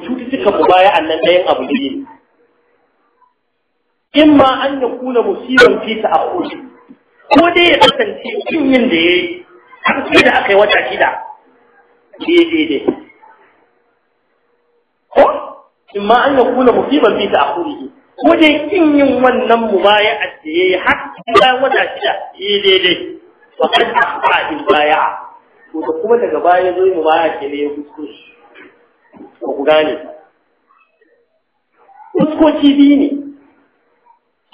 cututtukan mubaya'a nan ɗayan abu ne in ma an ya kuna musiban fita a akwai ko dai ya kasance in yin da ya yi har sai da aka yi wata shida daidai ko in ma an ya kuna musiban a ta ne? ko dai kin yin wannan mubaya'a da yi har bayan wata shida yi daidai wa kad akhfa bil baya. to da kuma daga baya zo mubaya'a ke ne ya kuskure ko ku gane kuskoci biyu ne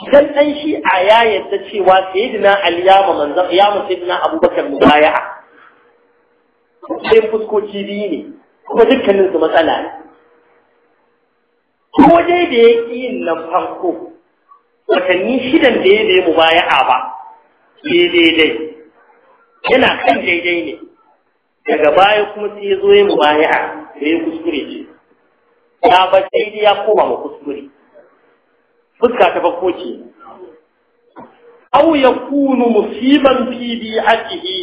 idan dan shi a ya yadda cewa sayyidina ali ya ma manzon ya ma sayyidina abubakar mubaya'a sai fuskoci biyu ne kuma dukkanin su matsala ne ko dai da ya ƙi yin nan farko watanni shidan da ya nemi a ba ya daidai yana kan daidai ne daga baya kuma sai ya zo ya mubaya'a da ya kuskure ce ya ba sai dai ya koma ma kuskure fuska ta farko ce ya kunu musiban fi bi'atihi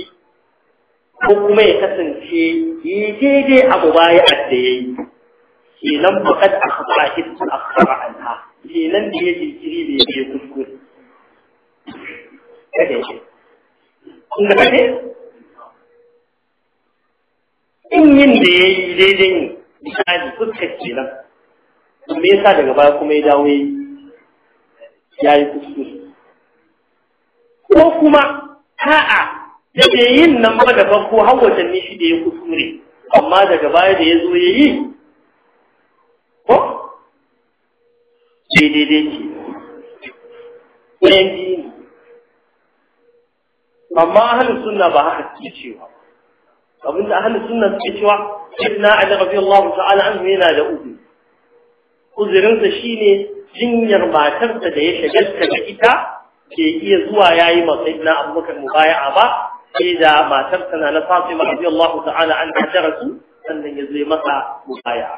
ko kuma ya kasance ya daidai a mubaya'a da ya yi kenan ba kad akhbara a akhbara anha kenan da ya jinkiri da ya je kuskure kada ya kun ga kade in yin da ya yi daidai ne misali fuskar kenan me sa daga baya kuma ya dawo ya yi kuskure ko kuma a'a da bai yin nan ba da farko har watanni shi da ya kuskure amma daga baya da ya zo ya yi sai daidai ce ɗayan biyu ne amma ahalin sunna ba haka suke cewa abin da ahalin sunna suke cewa sayyidina ali radiyallahu ta'ala anhu yana da uzuri uzurinsa shine jinyar matarsa da ya shagalta da ita ke iya zuwa yayi ma sayyidina abubakar mubaya'a ba sai da matarsa na na fatima radiyallahu ta'ala anha ta rasu sannan ya zo masa mubaya'a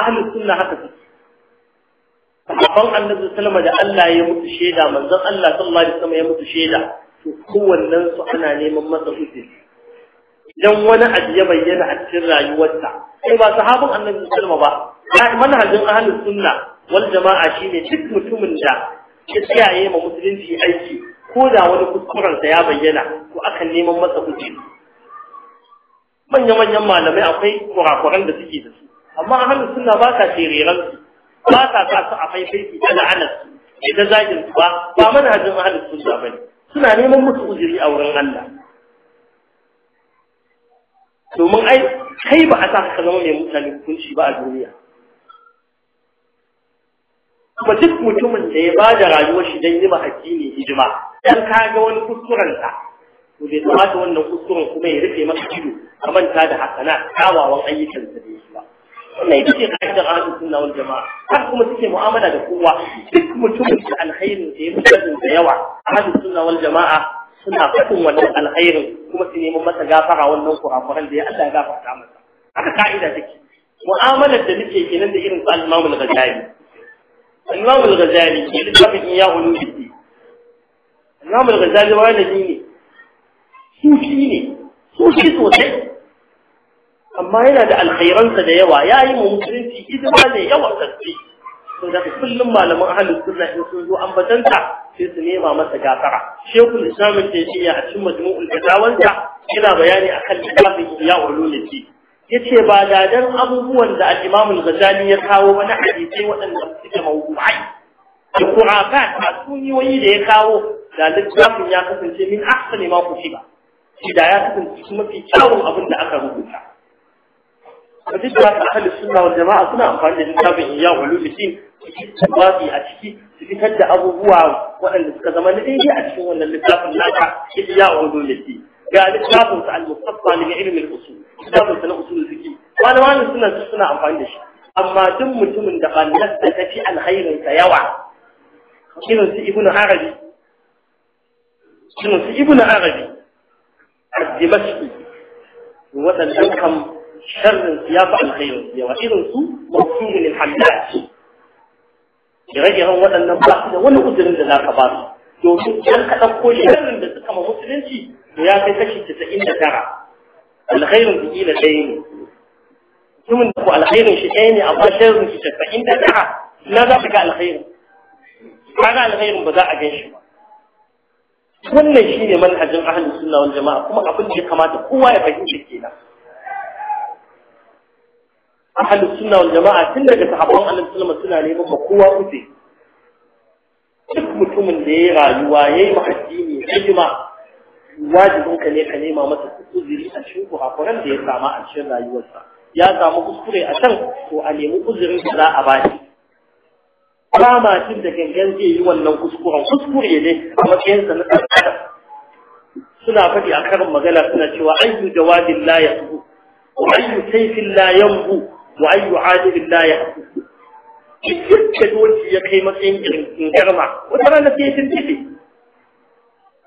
ahalin sunna haka suke sahabban annabi sallama da Allah ya mutu shaida manzon Allah sallallahu alaihi wasallam ya mutu shaida to kowannen su ana neman masa hujja idan wani abu ya bayyana a cikin rayuwarsa sai ba sahabban annabi sallama ba manhajin ahlus sunna wal jama'a shine duk mutumin da ya tsaye ma musulunci aiki ko da wani kuskurensa ya bayyana to akan neman masa hujja manya-manyan malamai akwai kurakuran da suke da su amma ahlus sunna ba ka shiriran su ba sa sa su a faifai su ta la'anar su ta zagin su ba ba manhajin ahlus sunna bane suna neman musu uzuri a wurin Allah domin ai kai ba a sa ka zama mai mutane hukunci ba a duniya kuma duk mutumin da ya ba da rayuwar shi don yi ma addini hidima dan ka ga wani kuskurensa to bai kamata wannan kuskuren kuma ya rufe maka ido ka manta da hasana kawawan ayyukan da ya ba wannan ita ce ka'idar ahlus sunna wal jama'a har kuma suke mu'amala da kowa duk mutumin da alkhairin da ya fi da yawa ahlus sunna wal jama'a suna faɗin wannan alkhairin kuma su neman masa gafara wannan kurakuran da ya Allah ya gafarta masa haka ka'ida take mu'amalar da muke kenan da irin su al-Imam al-Ghazali al-Imam al-Ghazali ke littafin Iyya'u Nubuwwah Imam al-Ghazali wani ne sufi ne sufi sosai amma yana da alkhairansa da yawa ya yi mu musulunci hidima da yawa gaske to da kullum malaman ahlus sunna in sun zo ambatanta sai su nema masa gafara shekul islam da yake a cikin majmu'ul fatawansa yana bayani akan littafin ya ce yace ba da dan abubuwan da al-imam al-ghazali ya kawo mana hadisi waɗanda suke mawdu'ai da qur'an ta suniyoyi da ya kawo da littafin ya kasance min ahsani ma ku shi da ya kasance mafi kyawun abin da aka rubuta duk da ahli sunna wal jama'a suna amfani da littafin iya ulumuddin su babi a ciki su fitar da abubuwa waɗanda suka zama na daidai a cikin wannan littafin naka iya ulumuddin ga littafin sa al-mufassal li ilmi al-usul littafin sa na usul fiqi malaman suna suna amfani da shi amma duk mutumin da ban ballar da tafi alkhairin sa yawa irin su ibnu arabi irin su ibnu arabi ad-dimashqi wadannan kam sharrin su ya fi alkhairin su yawa irin su ne lil hallaji ire-iren waɗannan ba su da wani uzurin da za ka ba su domin 'yan ka ɗauko sharrin da suka ma musulunci to ya kai kashi casa'in da tara alkhairin su ƙila ɗaya ne mutumin da ku alkhairin shi ɗaya ne amma sharrin shi casa'in da tara na za ka ga alkhairin ka ga alkhairin ba za a gan shi ba wannan shine manhajin ahlus sunna wal jama'a kuma abin da ya kamata kowa ya fahimta kenan ahalus sunna wal jama'a tun daga sahabban annabi sallallahu suna neman ba kowa kuce duk mutumin da ya rayuwa yayi ma addini hijima wajibin ka ne ka nema masa uzuri a cikin kurakuran da ya samu a cikin rayuwarsa ya samu kuskure a can ko a nemi uzurin da za a shi ba ma da gangan zai yi wannan kuskuren kuskure ne a matsayinsa na ɗan suna faɗi a karin magana suna cewa ayyu jawadin la yasbu wa ayyu sayfin la yanbu wa ayyu adilin la yahdu duk da doki ya kai matsayin irin garma wata rana sai sun tifi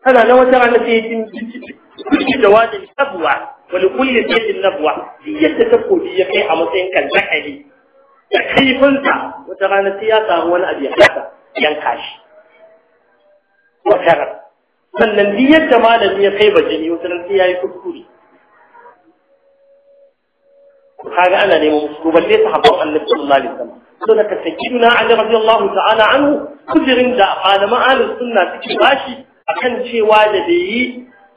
kana na wata rana sai sun tifi kuke da wajin nabwa wal kulli sayyidin nabwa yadda takobi ya kai a matsayin kan zakari da kaifinsa wata rana sai ya samu wani abu ya kasa yanka shi wata rana sannan duk yadda malami ya kai bajini wata rana sai ya yi kuskure kaga ana neman musu balle sahabban annabi sallallahu alaihi wasallam don haka sayyiduna ali radiyallahu ta'ala anhu kujirin da malama ahlus sunna suke bashi akan cewa da da yi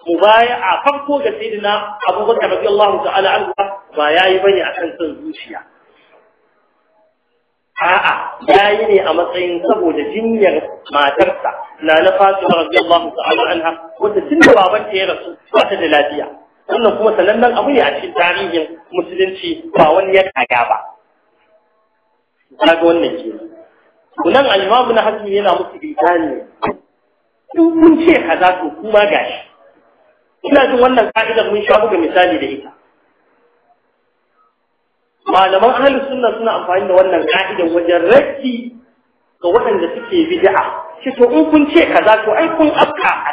mubaya'a farko ga sayyidina abubakar radiyallahu ta'ala anhu ba yayi bane akan son zuciya a'a yayi ne a matsayin saboda jinyar matarsa na na fatima radiyallahu ta'ala anha wanda tun babanta ya rasu ba ta da lafiya wannan kuma sanannen abu ne a cikin tarihin musulunci ba wani ya kaga ba ga wannan ke kunan al na hasmi yana musu ne. in kun ce ka za su kuma gashi ina jin wannan ka'idar mun sha buga misali da ita malaman hali sunna suna amfani da wannan ka'idar wajen raki ga waɗanda suke bid'a ce to in kun ce kaza to ai kun afka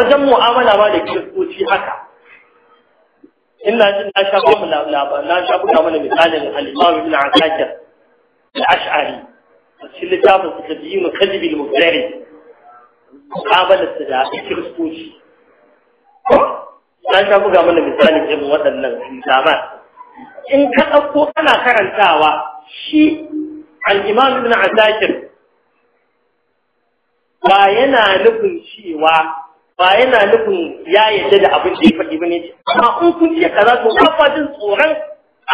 wajen mu'amala ma da kiristoci haka ina jin na sha ba mu na sha buga mana misalin al-Imam Ibn Asakir al-Ash'ari cikin littafin sa tabiyin kadibi al-mubtari muqabala da kiristoci na sha buga mana misalin irin waɗannan misalan in ka ɗauko kana karantawa shi al-Imam Ibn Asakir ba yana nufin cewa ba yana nufin ya yadda da abin da ya faɗi ba ne amma in kun ce kaza to ka fadin tsoron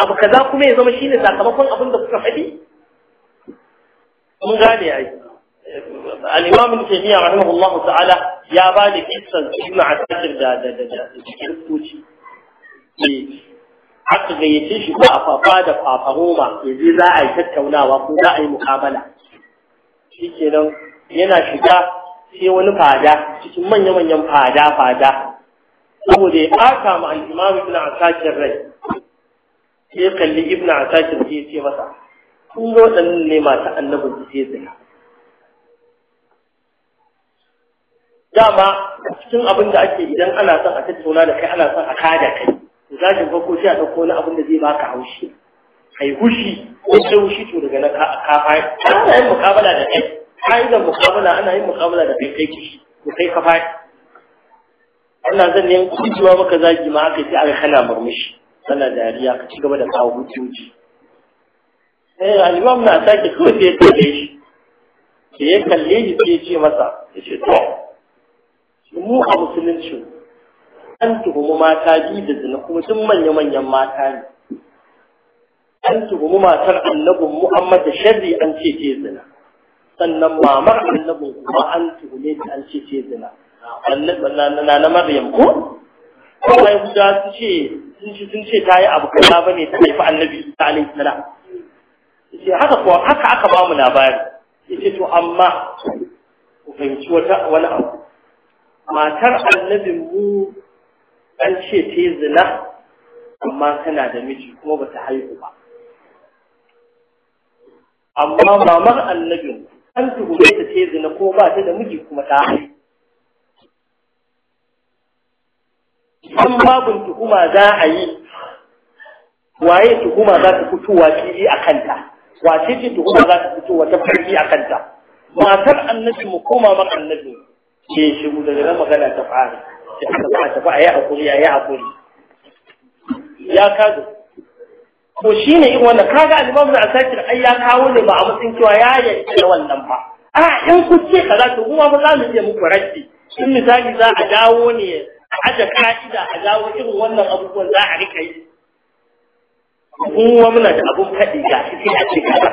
abu kaza kuma ya zama shine sakamakon abin da kuka faɗi mun gane ai al-imam ibn taymiyyah rahimahullah ta'ala ya ba da kissan cikin asakir da da da kiristoci haka eh, gayyace shi ba a fafa da fafaroma yanzu za a yi tattaunawa ko za a yi mukabala shikenan yana shiga sai wani fada cikin manya-manyan fada-fada saboda ya ɓata ma al'imam ibn asakir rai sai kalli ibn asakir sai ce masa kun ga waɗannan ne masu annabin su sai zina dama cikin abin da ake idan ana son a tattauna da kai ana son a kada kai za shi farko sai a ɗauko wani abin da zai baka haushi haihushi ko sai to daga nan ka fa ana yin mukabala da kai ka'idar mukamala ana yin mukamala da kai kai kishi ko kai ka fadi Ina zan nemi kujewa maka zagi ma aka ce aka kana murmushi kana dariya ka ci gaba da kawo hujjoji eh al-imam na sake ko sai ta kalle shi sai ya kalle shi sai ya ce masa ya ce to mu a musulunci an mu mata biyu da zina kuma sun manya-manyan mata ne an mu matar annabin Muhammad da sharri an ce ke zina sannan mamar annabin kuma an tuhume ta an ce ce zina na na maryam ko kuma ya kusa sun ce sun ce sun ce ta yi abu kaza ba ne ta haifi annabi ta alaihi salam ce haka ko haka aka ba mu labari yace to amma ku fahimci wata wani abu matar annabin mu an ce ta yi zina amma tana da miji kuma ba ta haihu ba amma mamar annabin an tuhume ta ce zina ko ba ta da miji kuma ta haihu an babin tuhuma za a yi waye tuhuma za ta fitowa fili a kanta wace ce tuhuma za ta fitowa ta farki a kanta matar annabi mu koma maka annabi ke shigo daga nan magana ta fara ta fara ta fara ya hakuri yi hakuri ya kazo to ne in wannan kaga alimamu imam asakir ai ya kawo ne ba a mutsin cewa ya yanke da wannan ba a in ku ce kaza to kuma ba za mu je muku raddi in misali za a dawo ne a aje ka'ida a dawo irin wannan abubuwan za a rika yi kuma muna da abun faɗi ga shi sai a ce kaza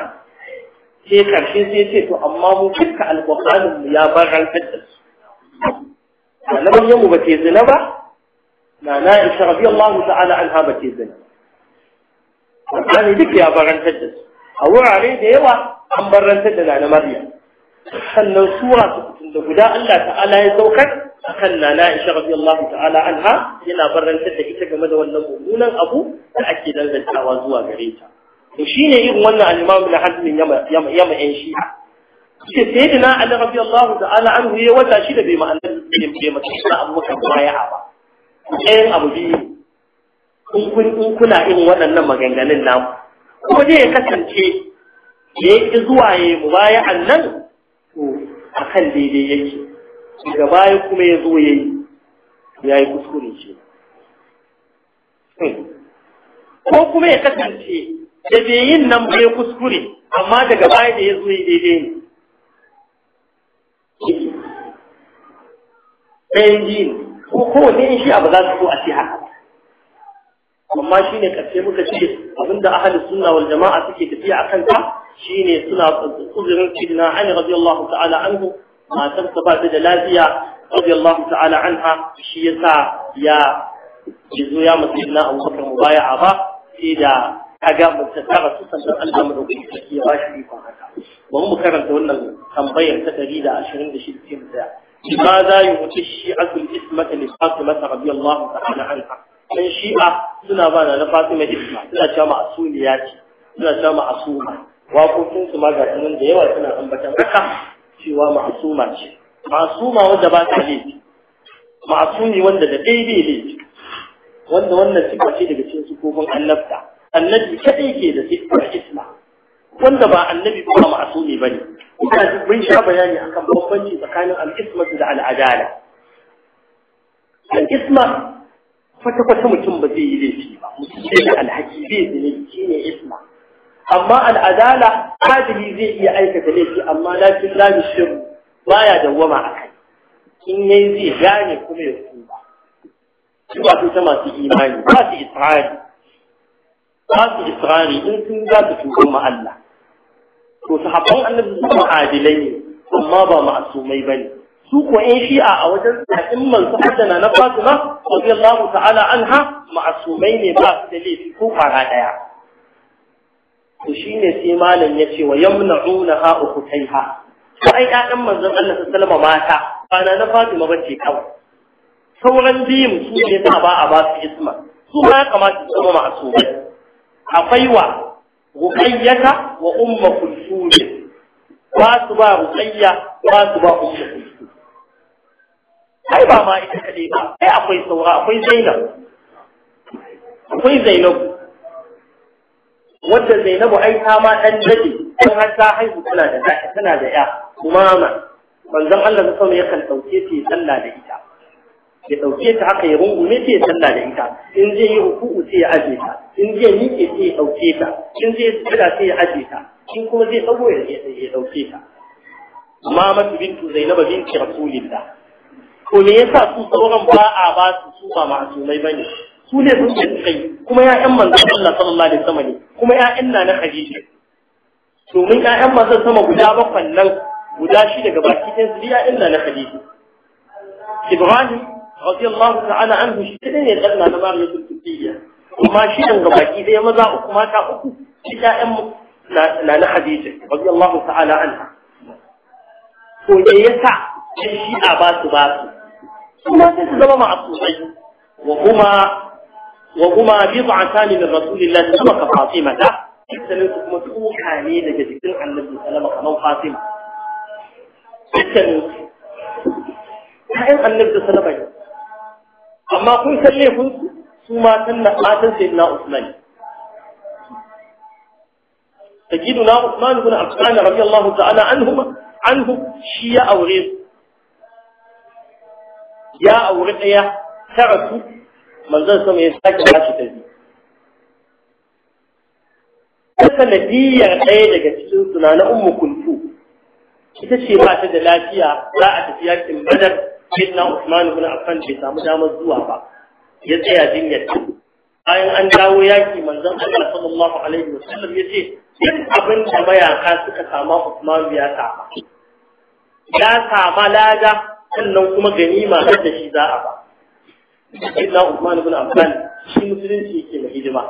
sai karshe sai ce to amma mu duka alƙur'anin mu ya bar rantar da su malamin yamu ba ke zina ba na na isha rabiyallahu ta'ala anha ba ke zina Qur'ani duk ya barantar da su a wurare da yawa an barantar da Nana Maryam sannan sura da guda Allah ta'ala ya saukar akan Nana Aisha radiyallahu ta'ala anha yana barantar da ita game da wannan mummunan abu da ake dangantawa zuwa gare ta to shine irin wannan al-Imam Ibn yama yama yama shi'a ce sayyidina Ali radiyallahu ta'ala anhu ya wata shi da bai ma'anar bai mata Abubakar baya ba ɗayan abu biyu in kun in kuna waɗannan maganganun namu ko zai ya kasance ya yi zuwa ya yi baya, nan to kan daidai yake daga baya kuma ya zo ya yi ya yi kuskure ce hmm. ko kuma ya kasance da bai yin nan ba ya kuskure amma daga baya da ya zo ya daidai ne ɗayan jini ko kowane in shi abu za su so a ce haka amma ne kace muka ce abinda ahli sunna wal jama'a suke tafiya akan ta shine suna uzurin sidina ani radiyallahu ta'ala anhu matar ta ba da lafiya radiyallahu ta'ala anha shi yasa ya jizo ya musulina Abu Bakar mubaya'a ba sai da kaga ta rasu sannan Allah madaukaki ya ba shi ikon haka bari mu karanta wannan tambayar ta da sai mu tsaya لماذا يغطي الشيعة الإسمة لفاطمة رضي الله تعالى عنها ɗan shi'a suna ba na na fatima isma suna cewa ma'asumiya ce suna cewa ma'asuma su ma ga sunan da yawa suna ambatan haka cewa ma'asuma ce ma'asuma wanda ba ta laifi ma'asumi wanda da dai bai laifi wanda wannan sifa ce daga cikin sukofin annabta annabi kadai ke da sifar isma wanda ba annabi ba ma'asumi ba ne ina mun sha bayani akan bambanci tsakanin su da al'adala al'isma kwata-kwata mutum ba zai yi laifi ba mutum zai da alhaki zai zine shi ne isma amma al'adala adili zai iya aikata laifi amma lakin lafi shiru baya dawwama a kai in yayi zai gane kuma ya tuba su ba su ta masu imani ba su isra'ari ba su isra'ari in sun za su tuba ma Allah to sahabban annabi su adilai ne amma ba ma'asumai ne. su ko shi'a a wajen a'imman su haddana na Fatima Allah ta'ala anha ma'asumai ne ba su da laifi ko fara daya to ne sai malam ya ce wa nuna ha uku ukutaiha Ko ai ƴaƴan manzon Allah sallallahu salama mata ba na Fatima ba bace kawai sauran biyun su ne ta ba a ba su isma su ma kamata su zama ma'asumai akwai wa Rukayyata wa umma kulsum ba su ba Rukayya ba su ba umma ai ba ma ita kaɗai ba ai akwai saura akwai zainab akwai zainab wadda zainabu ai ta ma ɗan daɗi, don har ta haihu tana da tana da ya mama manzon Allah ta sama yakan ɗauke ta sallah da ita ya ɗauke ta haka ya rungume ta ya sallah da ita in zai yi ruku'u sai ya aje ta in zai miƙe sai ya ɗauke ta in zai tsira sai ya aje ta in kuma zai ɗago ya ɗauke ta Mama, bintu zainab binti rasulillah Ko me yasa su sauran ba a ba su su ba ma'asumai bane su ne sun ce kai kuma ƴaƴan manzon Allah sallallahu alaihi wasallam ne kuma ƴaƴan na na Khadija domin ƴaƴan manzon sama guda bakwai nan guda shi daga baki ɗin su ƴaƴan na na Khadija Ibrahim radiyallahu ta'ala anhu shi ne ya danna na Maryam Tuddiya kuma shi dan ga baki dai maza uku mata uku shi ƴaƴan na na Khadija radiyallahu ta'ala anha ko da yasa shi a ba su ba su وما تنزل مع عطوه وهما وهما بضع ثاني من رسول الله سمك فاطمة إذن كما تقول حالي لجد عن النبي صلى الله سلامك نو فاطمة إذن كائن عن النبي وسلم أما كنت لهم ثم تنى آتن سيدنا عثمان تجدنا عثمان بن عفان رضي الله تعالى عنهما عنه شيء أو غير ya auri ɗaya ta rasu manzan sama ya sake ba shi ta biyu ta biyar ɗaya daga cikin suna na ummu kuntu ita ce ba ta da lafiya za a tafi yakin badar na Usman ibn Affan bai samu damar zuwa ba ya tsaya jinyar bayan an dawo yaki manzan Allah sallallahu alaihi wasallam ya ce duk abin da suka kama Usman ya kama ya kama lada sannan kuma ganima har da shi za a ba sayyidina Uthman ibn Affan shi musulunci ke mai hidima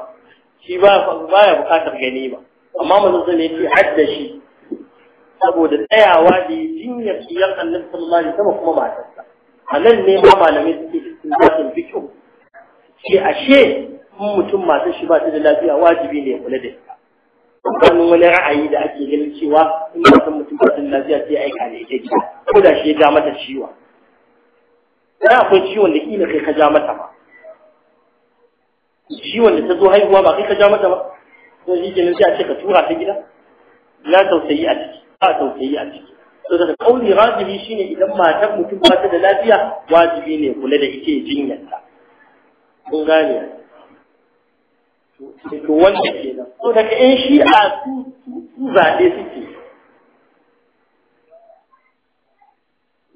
shi ba baya bukatar ganima amma manzon zai har da shi saboda tsayawa da jinya kiyar annabi sallallahu alaihi wasallam kuma matarsa a nan ne ma malamai suke istinbatin fiqh ke ashe in mutum matar shi ba ta da lafiya wajibi ne kula da shi tsakanin wani ra'ayi da ake ganin cewa in ba san mutum ba san lafiya sai aika ne ke gida ko da shi ya ja mata ciwon dan akwai ciwon da kila kai ka ja mata ba ciwon da ta zo haihuwa ba kai ka ja mata ba to shi kenan sai a ce ka tura ta gida na tausayi a ciki ba tausayi a ciki to daga kauli rajibi shine idan matar mutum ba ta da lafiya wajibi ne kula da ita ya jinyarta kun gane to wanda kenan to daga yan shi'a su zaɓe suke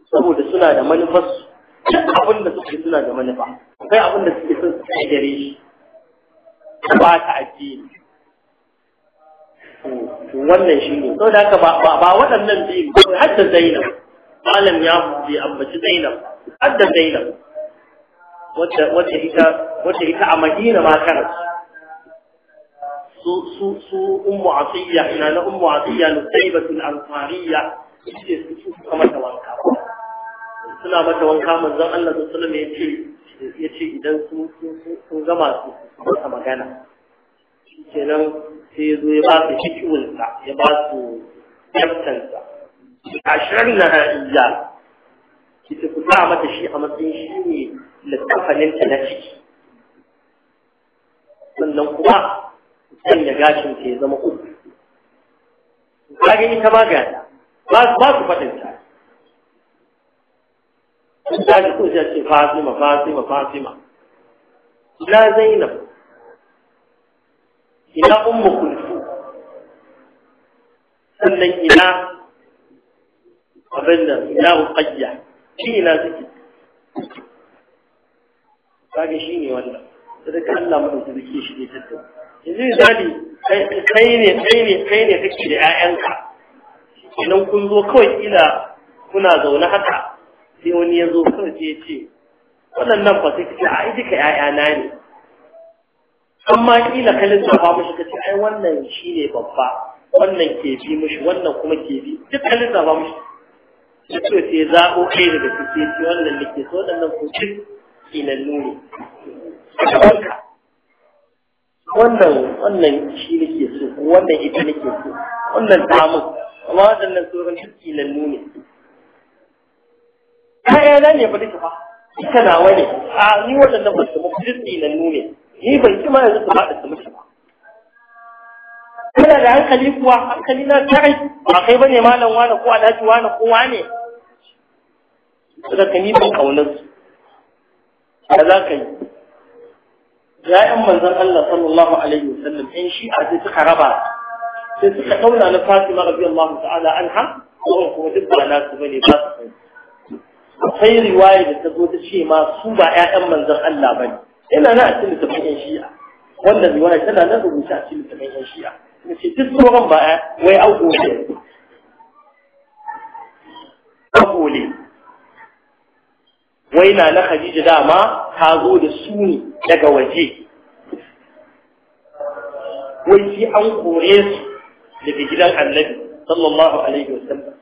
saboda suna da manufarsu duk abin da suke suna da manufa akwai abin da suke son su kai gare shi ba ta addini wannan shi ne saboda haka ba waɗannan biyu Ko har da zainab malam ya buɗe ambaci zainab har da zainab wacce ita a madina ma karanta su su su ummu ina na ummu atiya lutaibatul ansariya ce su su mata wanka suna mata wanka manzon Allah sallallahu alaihi wasallam yace idan sun gama su masa magana kenan sai ya zo ya ba su shikiwulsa ya ba su yaftansa ashirin na iya ki ta kusa mata shi a matsayin shi ne littafaninta na ciki sannan kuma sanya gashin ke zama uku kaga ita ma gata ba ba su faɗin ta sun ta ji kusa ce fatima fatima fatima ina zainab ina ummu kulfu sannan ina abin da ina ruqayya shi ina suke kaga shi ne wannan sadaka Allah mu da zuke shi ne tattauna yanzu misali kai ne kai ne kai ne kake da 'ya'yanka idan kun zo kawai kila kuna zaune haka sai wani ya zo kawai sai ya ce waɗannan fa sai kace ai duka 'ya'yana ne amma kila ka lissafa mishi kace ai wannan shi ne babba wannan ke bi mashi, wannan kuma ke bi duk ka lissafa mishi duk to sai zaɓo kai daga cikin wannan da ke so waɗannan ko duk kilallu ne wannan wannan shi nake so wannan ita nake so wannan damun amma waɗannan sauran dukki lallu ne ƴaƴana ne ba duka ba. Ita nawa ne a ni waɗannan ba su mutu dukki lallu ne ni ban ki ma yanzu ba haɗa su mutu ba kana da hankali kuwa hankali na tsari ba kai bane malam wani ko alhaji wani ko wani saboda ka ni ban kaunar su za ka yi ya'yan manzon Allah sallallahu alaihi wasallam in shi a sai suka raba sai suka dauna na Fatima radiyallahu ta'ala anha ko kuma duk ba nasu bane ba su akwai riwaya da ta zo ta ce ma su ba ya'yan manzon Allah bane yana na a cikin littafin yan shi'a wannan riwaya tana nan rubuta a cikin littafin yan shi'a ta ce duk sauran ba wai auko ne auko ne wai na na Khadija dama ta zo da su ne daga waje wai shi an kore su daga gidan Annabi sallallahu alaihi wasallam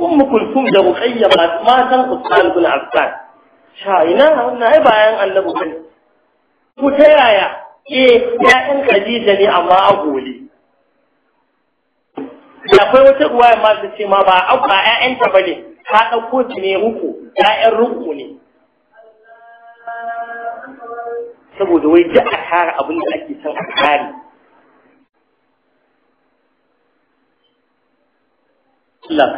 Ummu Kulthum da Ruqayya matan Uthman bin Affan sha ina wannan ai bayan Annabi bane Ku ta yaya eh ya'yan Khadija ne amma a gole akwai wata ruwa ma ta ce ma ba a ƴaƴanta ne, ta ɗauko su ne ruku ‘ya'yan ruku ne saboda wai ji a kare abin da ake son a kare Allah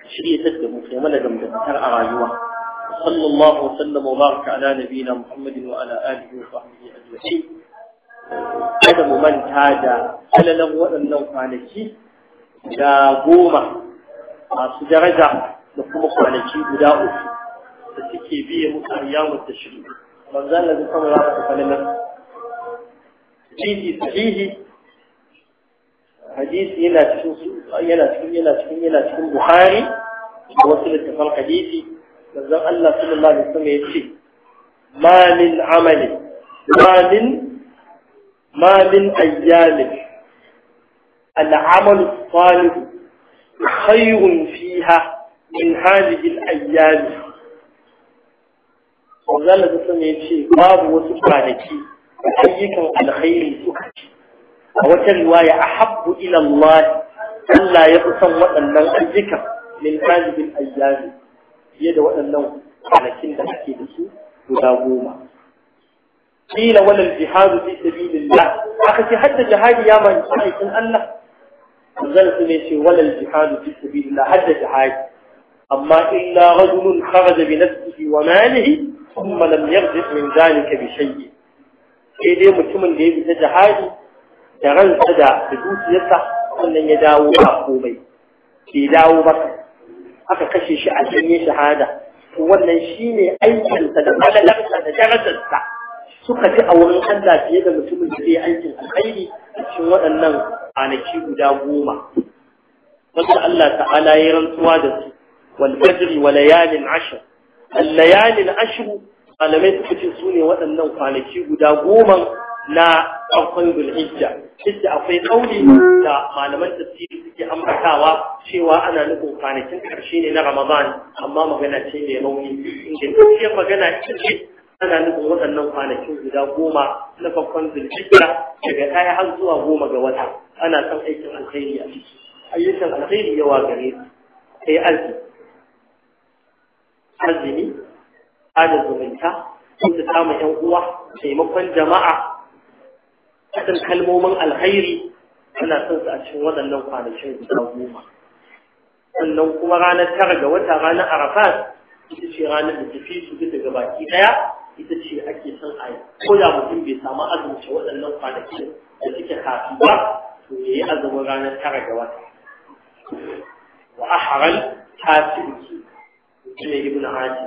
ka shirye ta da mu kai mana gamgantar a rayuwa صلى الله وسلم وبارك على نبينا محمد وعلى اله وصحبه اجمعين kada mu manta da alalan waɗannan kwanaki da goma masu daraja da kuma kwanaki guda uku da suke biye musu ayyamu da shiru manzo da zai kama rafa kalalan hadisi sahihi hadisi yana cikin yana cikin yana cikin yana cikin Buhari, da wasu littafan hadisi manzo Allah sallallahu alaihi wasallam ya ce ma min amali ma min ma min ayyamin العمل الصالح خير fiha. min hadhihi al-ayyam da sun ce babu wasu kwanaki ayyukan alkhairi suka ci a wata riwaya a habbu Allah Allah ya fi son waɗannan ayyukan min hadhihi al-ayyam fiye da waɗannan kwanakin da ake da su guda goma قيل ولا الجهاد في سبيل الله أخي حتى jihadi يا من Allah? الله وزلت ميشي ولا الجهاد في سبيل الله hadda jihadi. amma illa rajulun kharaja bi nafsihi wa malihi thumma lam yaghdith min dhalika bi shay'in sai dai mutumin da ya fita jihadi da ransa da dukiyarsa wannan ya dawo ba komai ke dawo ba aka kashe shi a cikin shahada wannan shine aikin sa da malalar da darajar suka ji a wurin Allah fiye da mutumin da yake aikin alkhairi a cikin waɗannan kwanaki guda goma wanda Allah Ta'ala ala ya rantsuwa da su والفجر وليال عشر الليالي العشر malamai suka ce su ne waɗannan kwanaki guda goma na farkon zulhijja hijja akwai kauli da malaman tafsiri suke ambatawa cewa ana nufin kwanakin ƙarshe na ramadan amma magana ce mai rauni ingantacciyar magana ita ce ana nufin waɗannan kwanakin guda goma na farkon zulhijja daga ɗaya har zuwa goma ga wata ana son aikin alkhairi a ciki ayyukan alkhairi yawa gare su sai azumi ada zumunta sun samu yan uwa taimakon jama'a haɗin kalmomin alkhairi ana son su a cikin waɗannan kwanakin guda goma sannan kuma ranar tara ga wata ranar arafat ita ce ranar da tafi su duk daga baki ɗaya ita ce ake son a yi ko da mutum bai samu azumce waɗannan kwanakin da suke kafi ba to ya yi azumin ranar tara ga wata wa ta tasiri shi ne ibn hajji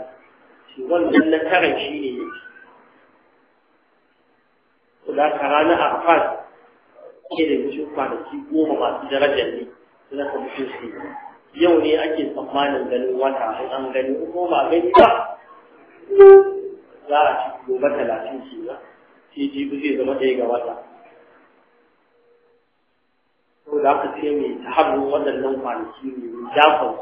shi wannan na karin shi ne yake da ka rana a fas ke da mutum kwanaki goma masu darajar ne suna ka mutum su yau ne ake tsammanin ganin wata sai an gani ko ba gani ba za a ci gobe talatin ce ba sai jibi zai zama ɗaya ga wata Ko da aka ce mai ta haɗu waɗannan kwanaki ne dafa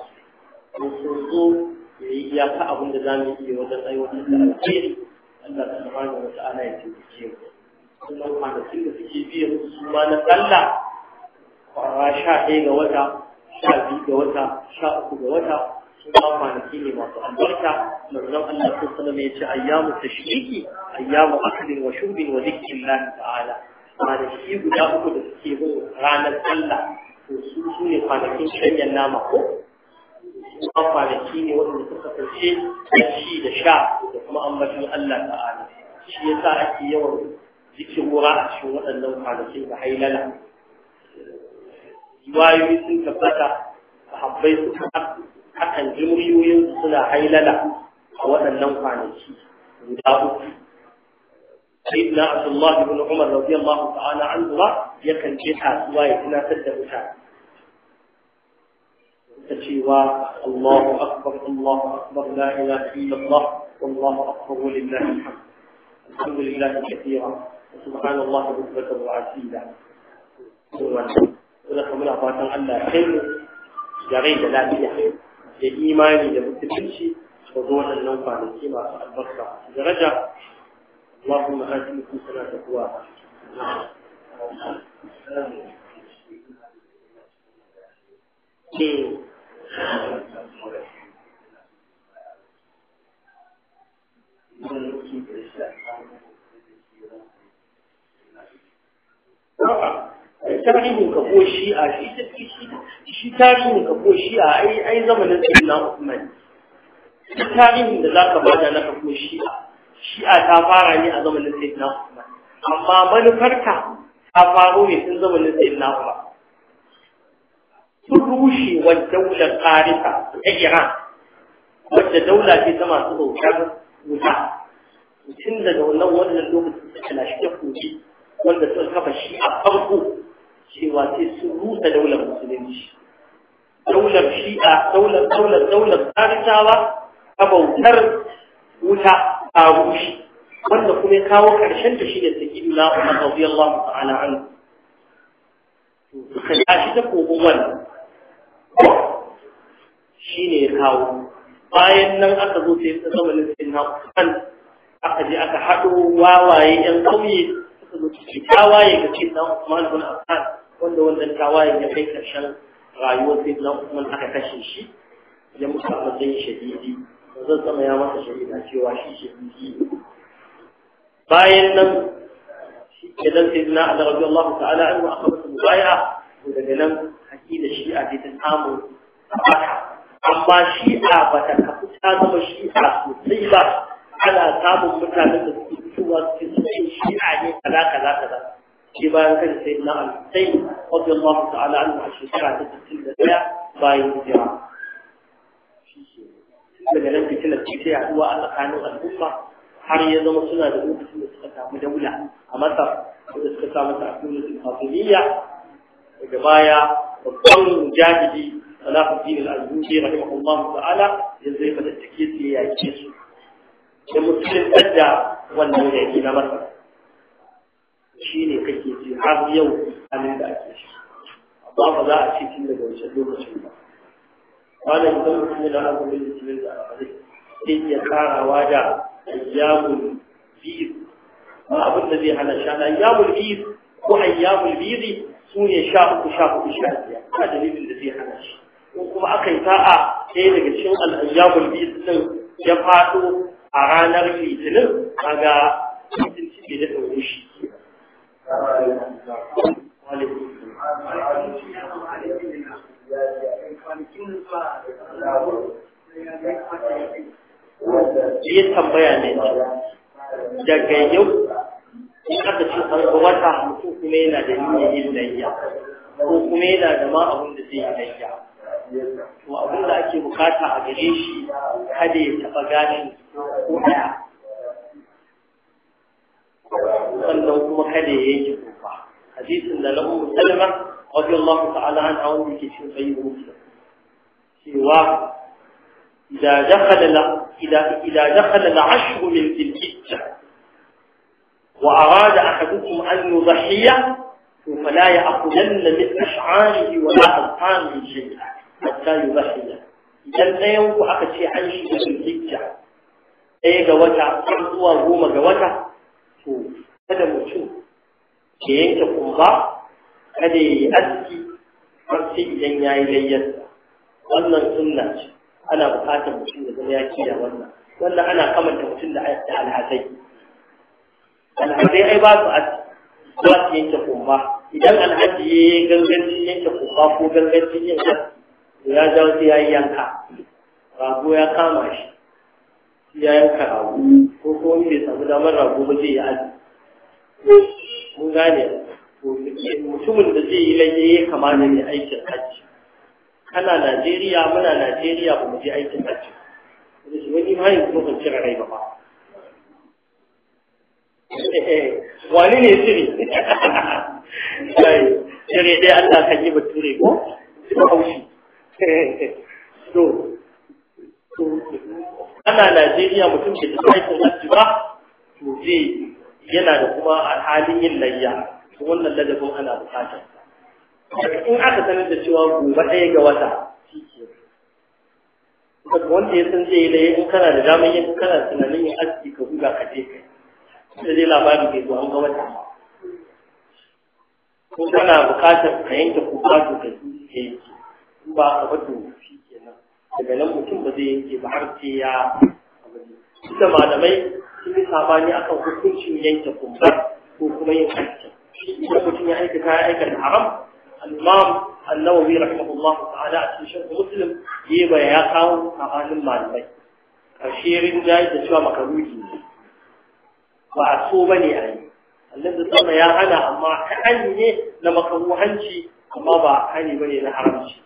su sun zo ya yi iyaka abin da za mu iya wajen aiwatar da alheri Allah subhanahu wa ana ya taimake mu kuma kwanakin da suke biya su ma na sallah kwara sha ɗaya ga wata sha biyu ga wata sha uku ga wata su ma kwanaki ne masu albarka manzon Allah sun sanar mai ce ayyamu tashriki ayyamu aklin wa shurbin wa zikrillah ta'ala kwanaki guda uku da suke bin ranar sallah to su su ne kwanakin shanyar nama ko kuma kwanaki ne wanda suka fice da shi da sha da kuma ambaton Allah ta'ala shi yasa ake yawan jikin wura a cikin waɗannan kwanakin da hailala Wayoyi sun tabbata sahabbai suka akan jimriyoyin suna hailala a waɗannan kwanaki guda uku sayyidina abdullahi ibn umar radiyallahu ta'ala anhu yakan je kasuwa ya tunatar da mutane da cewa Allahu akbar fatan Allah kai mu gare imani da mutunci ko wannan masu albarka daraja اللهم آت tarihin ka ko shi'a shi tarihin ka ko shi'a a ai zamanin sayyidina Uthman tarihin da za ka bada na ko shi'a shi'a ta fara ne a zamanin sayyidina Uthman amma manufarka ta faru ne tun zamanin sayyidina Umar sun rushe wa daular ƙarisa ta Iran wadda daula ce ta masu bautar wuta Mutum daga wannan wannan lokacin suka na shi kuɗi wanda sun kafa shi a farko cewa sai sun rusa daular musulunci daular a daular daular daular ƙarisawa ta bautar wuta a rushe wanda kuma ya kawo ƙarshen ta shi da sakidu na Umar radiyallahu ta'ala an to suka tashi ta kogon wannan shi ne ya kawo bayan nan aka zo sai ta zama lissin na usman aka je aka haɗo wawaye yan ƙauye suka zo ciki tawaye ga cikin na usman bin affan wanda wannan tawaye ya kai karshen rayuwar sai na usman aka kashe shi ya mutu a matsayin shahidi zan zama ya masa shahida cewa shi shahidi bayan nan idan sai na Allah Allah ta'ala an wa akhbaratu mubai'a daga nan aƙidar shi'a ce ta samu amma shi'a ba ta kafu ta zama shi'a sosai ba ana samun mutanen da suke fitowa suke suke shi'a ne kaza kaza kaza shi bayan kan sai na al-sai wajen Allah ta'ala an a shekara ta sittin da ɗaya bayan hijira daga nan fitilar ce ta yaduwa a tsakanin al'umma har ya zama suna da lokacin da suka samu daula a Masar da suka samu ta'adunan al-Fatimiyya daga baya babban jahili Salahuddin al-Ayyubi rahimahullahu ta'ala ya zai fada take su ya yake su da musulun da wannan yaki na masa shine kake ji har yau halin da ake shi amma ba za a ce tun daga wancan lokacin ba Ba wannan idan mutum yana azumin musulun da al'adai sai ya karawa da ayyamul biyu ba abin da zai hana shi ana ayyamul biyu ko ayyamul biyu su ne sha uku sha hudu sha biyar a dalilin da zai hana shi ko kuma aka yi sa'a ɗaya daga cikin al'ayyabul biyu ya faɗo a ranar litinin kaga mutum ci da ɗaure shi Yi tambaya ne daga yau in aka ce an wata ko kuma yana da niyyar yin layya ko kuma yana da ma abun da zai yi layya to abin da ake bukata a gare shi kada ya taɓa ganin ko daya sannan kuma kada ya yi kufa hadisin da lahu salama radiyallahu ta'ala an hawan da ke cikin sayyid muslim cewa إذا دخل إذا إذا دخل العشر من ذي الحجة وأراد da أن يضحي فلا يأخذن من أشعاره ولا ألقانه شيئا حتى يضحي idan ɗayan ku aka ce an shiga da hijja ɗaya ga wata har zuwa goma ga wata to kada mutum ke yanke kumba kada ya yi aski har sai idan ya yi layyarsa wannan sunna ce ana buƙatar mutum da zama ya kiyaye wannan wannan ana kamanta mutum da alhazai alhaji ai ba su aji ba su yanke kuma idan alhaji ya yi gangancin yanke kuma ko gangancin yin to ya jawo sai ya yi yanka rago ya kama shi ya yanka rago ko ko bai samu damar rago ba zai yi aji mun gane mutumin da zai yi lalle ya kamata ne aikin hajji kana Najeriya muna Najeriya ba mu je aikin hajji wani ma yanzu ban cire rai ba Eh, eh, wani ne shiri shiri dai Allah kan yi bature ko su haushi so eh, ana Najeriya mutum da ta aikin hajji ba to zai yana da kuma halin yin layya su wannan ladabin ana bukatar in aka sanar da cewa gobe ɗaya ga wata wanda ya san zai yi da in kana da damar yin kana tunanin yin aski ka buga ka je kai da zai labari bai zuwa ga wata ko kana bukatar ka yanke kuka ka ji ke yanke in ba ka ba shi kenan daga nan mutum ba zai yanke ba har sai ya ita malamai sun yi sabani akan hukuncin yanke kumbar ko kuma yin aikin idan mutum ya aikata ya aikata haram al-imam an-nawawi rahimahullahu ta'ala a cikin sharh muslim yayi ya kawo a halin malamai karshe rinjaye da cewa makaruhi ne ba a so ba ne a yi da sama ya hana amma hani ne na hanci amma ba hani ba ne na haramci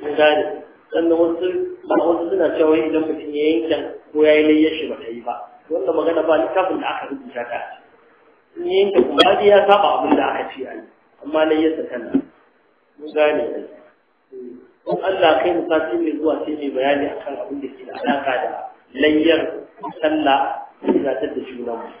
mun gane sannan wasu ba wasu suna cewa idan mutum ya yanke ko ya yi layyar shi ba ta yi ba wanda magana ba littafin da aka rubuta ta ce. yi yanke kuma dai ya saba abin da aka ce a yi amma layyar sa tana mun gane Ko Allah kai mu sati mai zuwa sai mai bayani akan abin da ke da alaka da layyar sallah da ta da mu.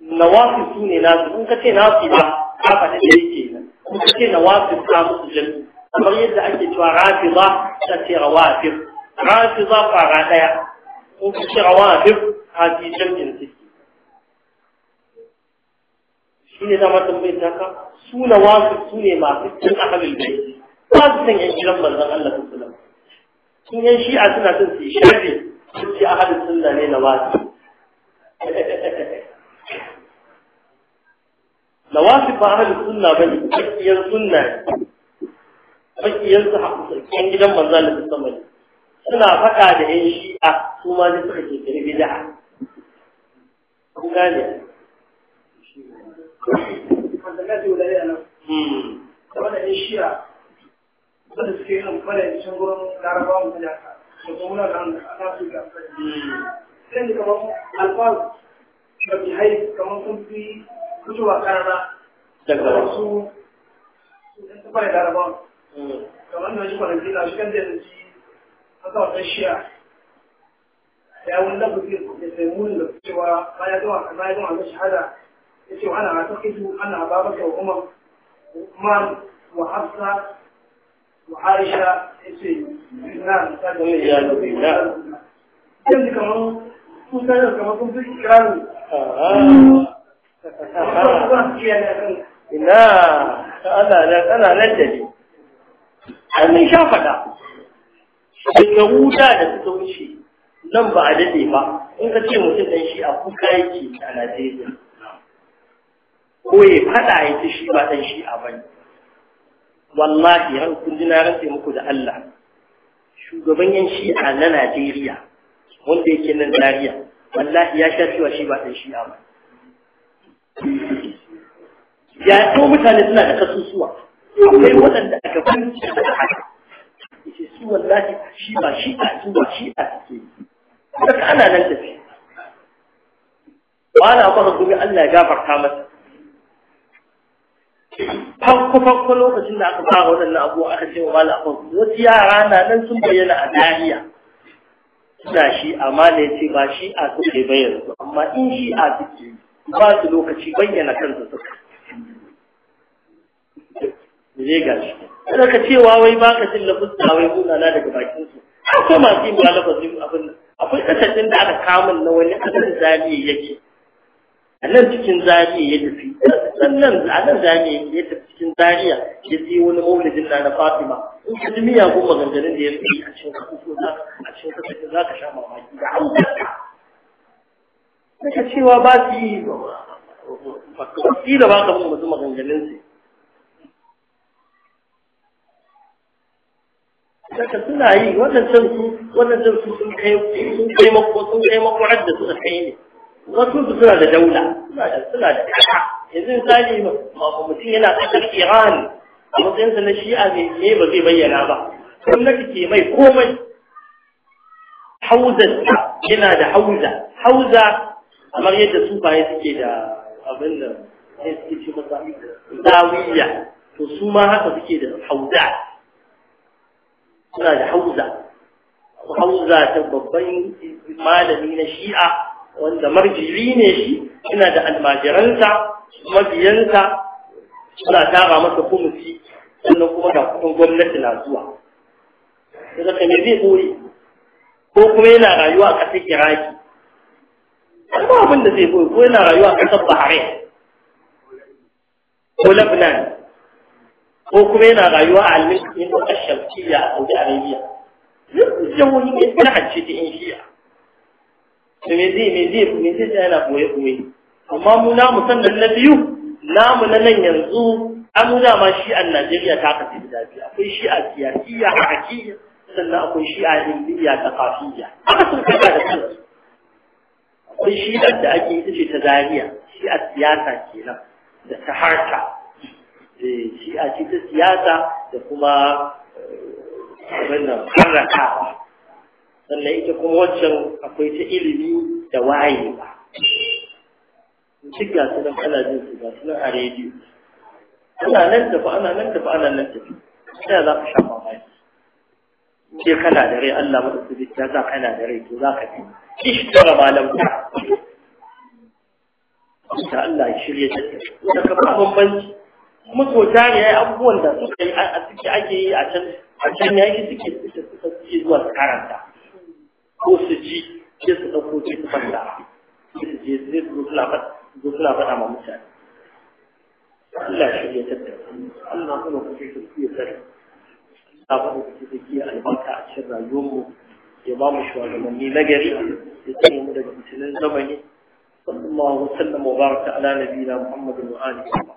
nawafi su ne nasu in ka ce nasu ba ka faɗi da yake nan in ka ce nawafi ka musu jami kamar yadda ake cewa rafiza ta ce rawafir rafiza fara ɗaya in ka ce rawafir ka fi jami'in ciki shi ne zama tambayar ta ka su nawafi su ne masu cin ahalin bai ba su san yan gidan manzon Allah sallallahu alaihi sun yan shi'a suna son su yi shafi su ce a ahalin sunna ne nawafi nawasib ba ahlus sunna bane bakiyar sunna bakiyar sahabbai kan gidan manzo Allah sallallahu alaihi suna faɗa da yan shi'a su ma ne suka ke kirkiri bid'a kun gane wanda yan shi'a wanda suke yin amfani da cikin gurin larabawa mutane haka da kuma da afirka hmm. sai ni kamar alfahar da bihai kamar sun fi fitowa karana daga wasu su fara da rabon hmm. kamar da shi kwanaki na shi da yanzu an wata shiya ya wani da sai muni da cewa baya zuwa baya zuwa na shahada ya ce ana ta kitu ana babar da umar umar wa hafsa wa aisha ya ce na ta da ya nufi na yanzu kamar sun sayar kamar sun fi ina ana nan da ne an mun sha faɗa shekaru da da suka wuce nan ba a daɗe ba in ka ce mutum ɗan shi a kuka yake a najeriya ko ya faɗa ya ce shi ba ɗan shi a bani. wallahi har kun ji na rantse muku da Allah shugaban yan shi'a na Najeriya wanda yake nan Najeriya wallahi ya sha cewa shi ba ɗan shi'a ba ya to mutane suna da kasusuwa akwai waɗanda aka banci da haka yace su wallahi shi ba shi a su ba shi a suke daga ana nan tafi ba na kuma gobe Allah ya gafarta masa farko farko lokacin da aka fara waɗannan abuwa aka ce wa mala akwai wasu yara na nan sun bayyana a dariya suna shi amma ne ce ba shi a suke bayyana amma in shi a suke yi ba su lokaci bayyana kansu suka zai gashi kada ka cewa wai ba ka jin da wai na daga bakin su ko masu yin ba lafazin abin nan akwai kasashen da aka kamun na wani asalin zaliye yake a nan cikin zariya ya tafi sannan a nan ya tafi cikin zariya ya je wani maulidin na na fatima in ka ji miyagun maganganun da ya fi a cikin kasuwa a cikin za ka sha mamaki da Daga cewa ba su yi da ba ka mutu maganganun su. Saka suna yi waɗancan su waɗancan su sun kai sun kai mako sun kai mako da suka kai ne. Wasu su suna da daula suna da kasa. Yanzu misali mutum yana ƙasar Iran a matsayinsa na shi'a ne ba zai bayyana ba. Gwamnati ke mai komai hauzarsa yana da hauza hauza amma yadda sufaye suke da abin da sai suke ce masa dawiya to su ma haka suke da hauza suna da hauza hauza ta babban malami na shi'a wanda marjiri ne shi Suna da almajiransa mabiyansa suna tara masa kumusi sannan kuma da kuɗin gwamnati na zuwa. Daga kame zai ɓoye ko kuma yana rayuwa a ƙasar Iraki ba abin da zai koyi ko yana rayuwa a ƙasar Bahrain ko Lebanon ko kuma yana rayuwa a Al-Miskin ko Ash-Shamsiyya a Saudi Arabia jihohin yan jihar ce ta yan shiya to me zai me zai me zai ta yana koye koye amma mu namu sannan na biyu namu na nan yanzu an nuna ma shi a Najeriya ta kasu gida biyu akwai shi a siyasiyya a akiyya sannan akwai shi a indiya ta kafiyya haka sun kai da kansu akwai shi'ar da ake ita ce ta zariya shi'ar siyasa kenan da ta harta. harka eh, shi'a ce ta siyasa da kuma wannan eh, karrakawa sannan ita kuma waccan akwai ta ilimi da wayewa ba ga su nan ana jin su gasu nan a rediyo ana nan tafi ana nan tafi ana nan tafi sai za ka sha mamaki ke kana da rai Allah madaukakin ya za kana da rai to za ka fi ishtara malamta da Allah ya shirye ta da ka ba bambanci makota ne ya abubuwan da suka yi a suke ake yi a can a can ya yi suke suke suka suke zuwa su karanta ko su ji ke su su su je zai zo zo suna faɗa ma mutane Allah ya shirye ta da Allah kuma kuke su fiye sani Allah kuma kuke su albarka a cikin mu ya ba mu shugabanni na gari ya tsaye mu daga fitinin zamani sallallahu alaihi wa sallam wa baraka ala nabiyina muhammadin wa alihi wa sallam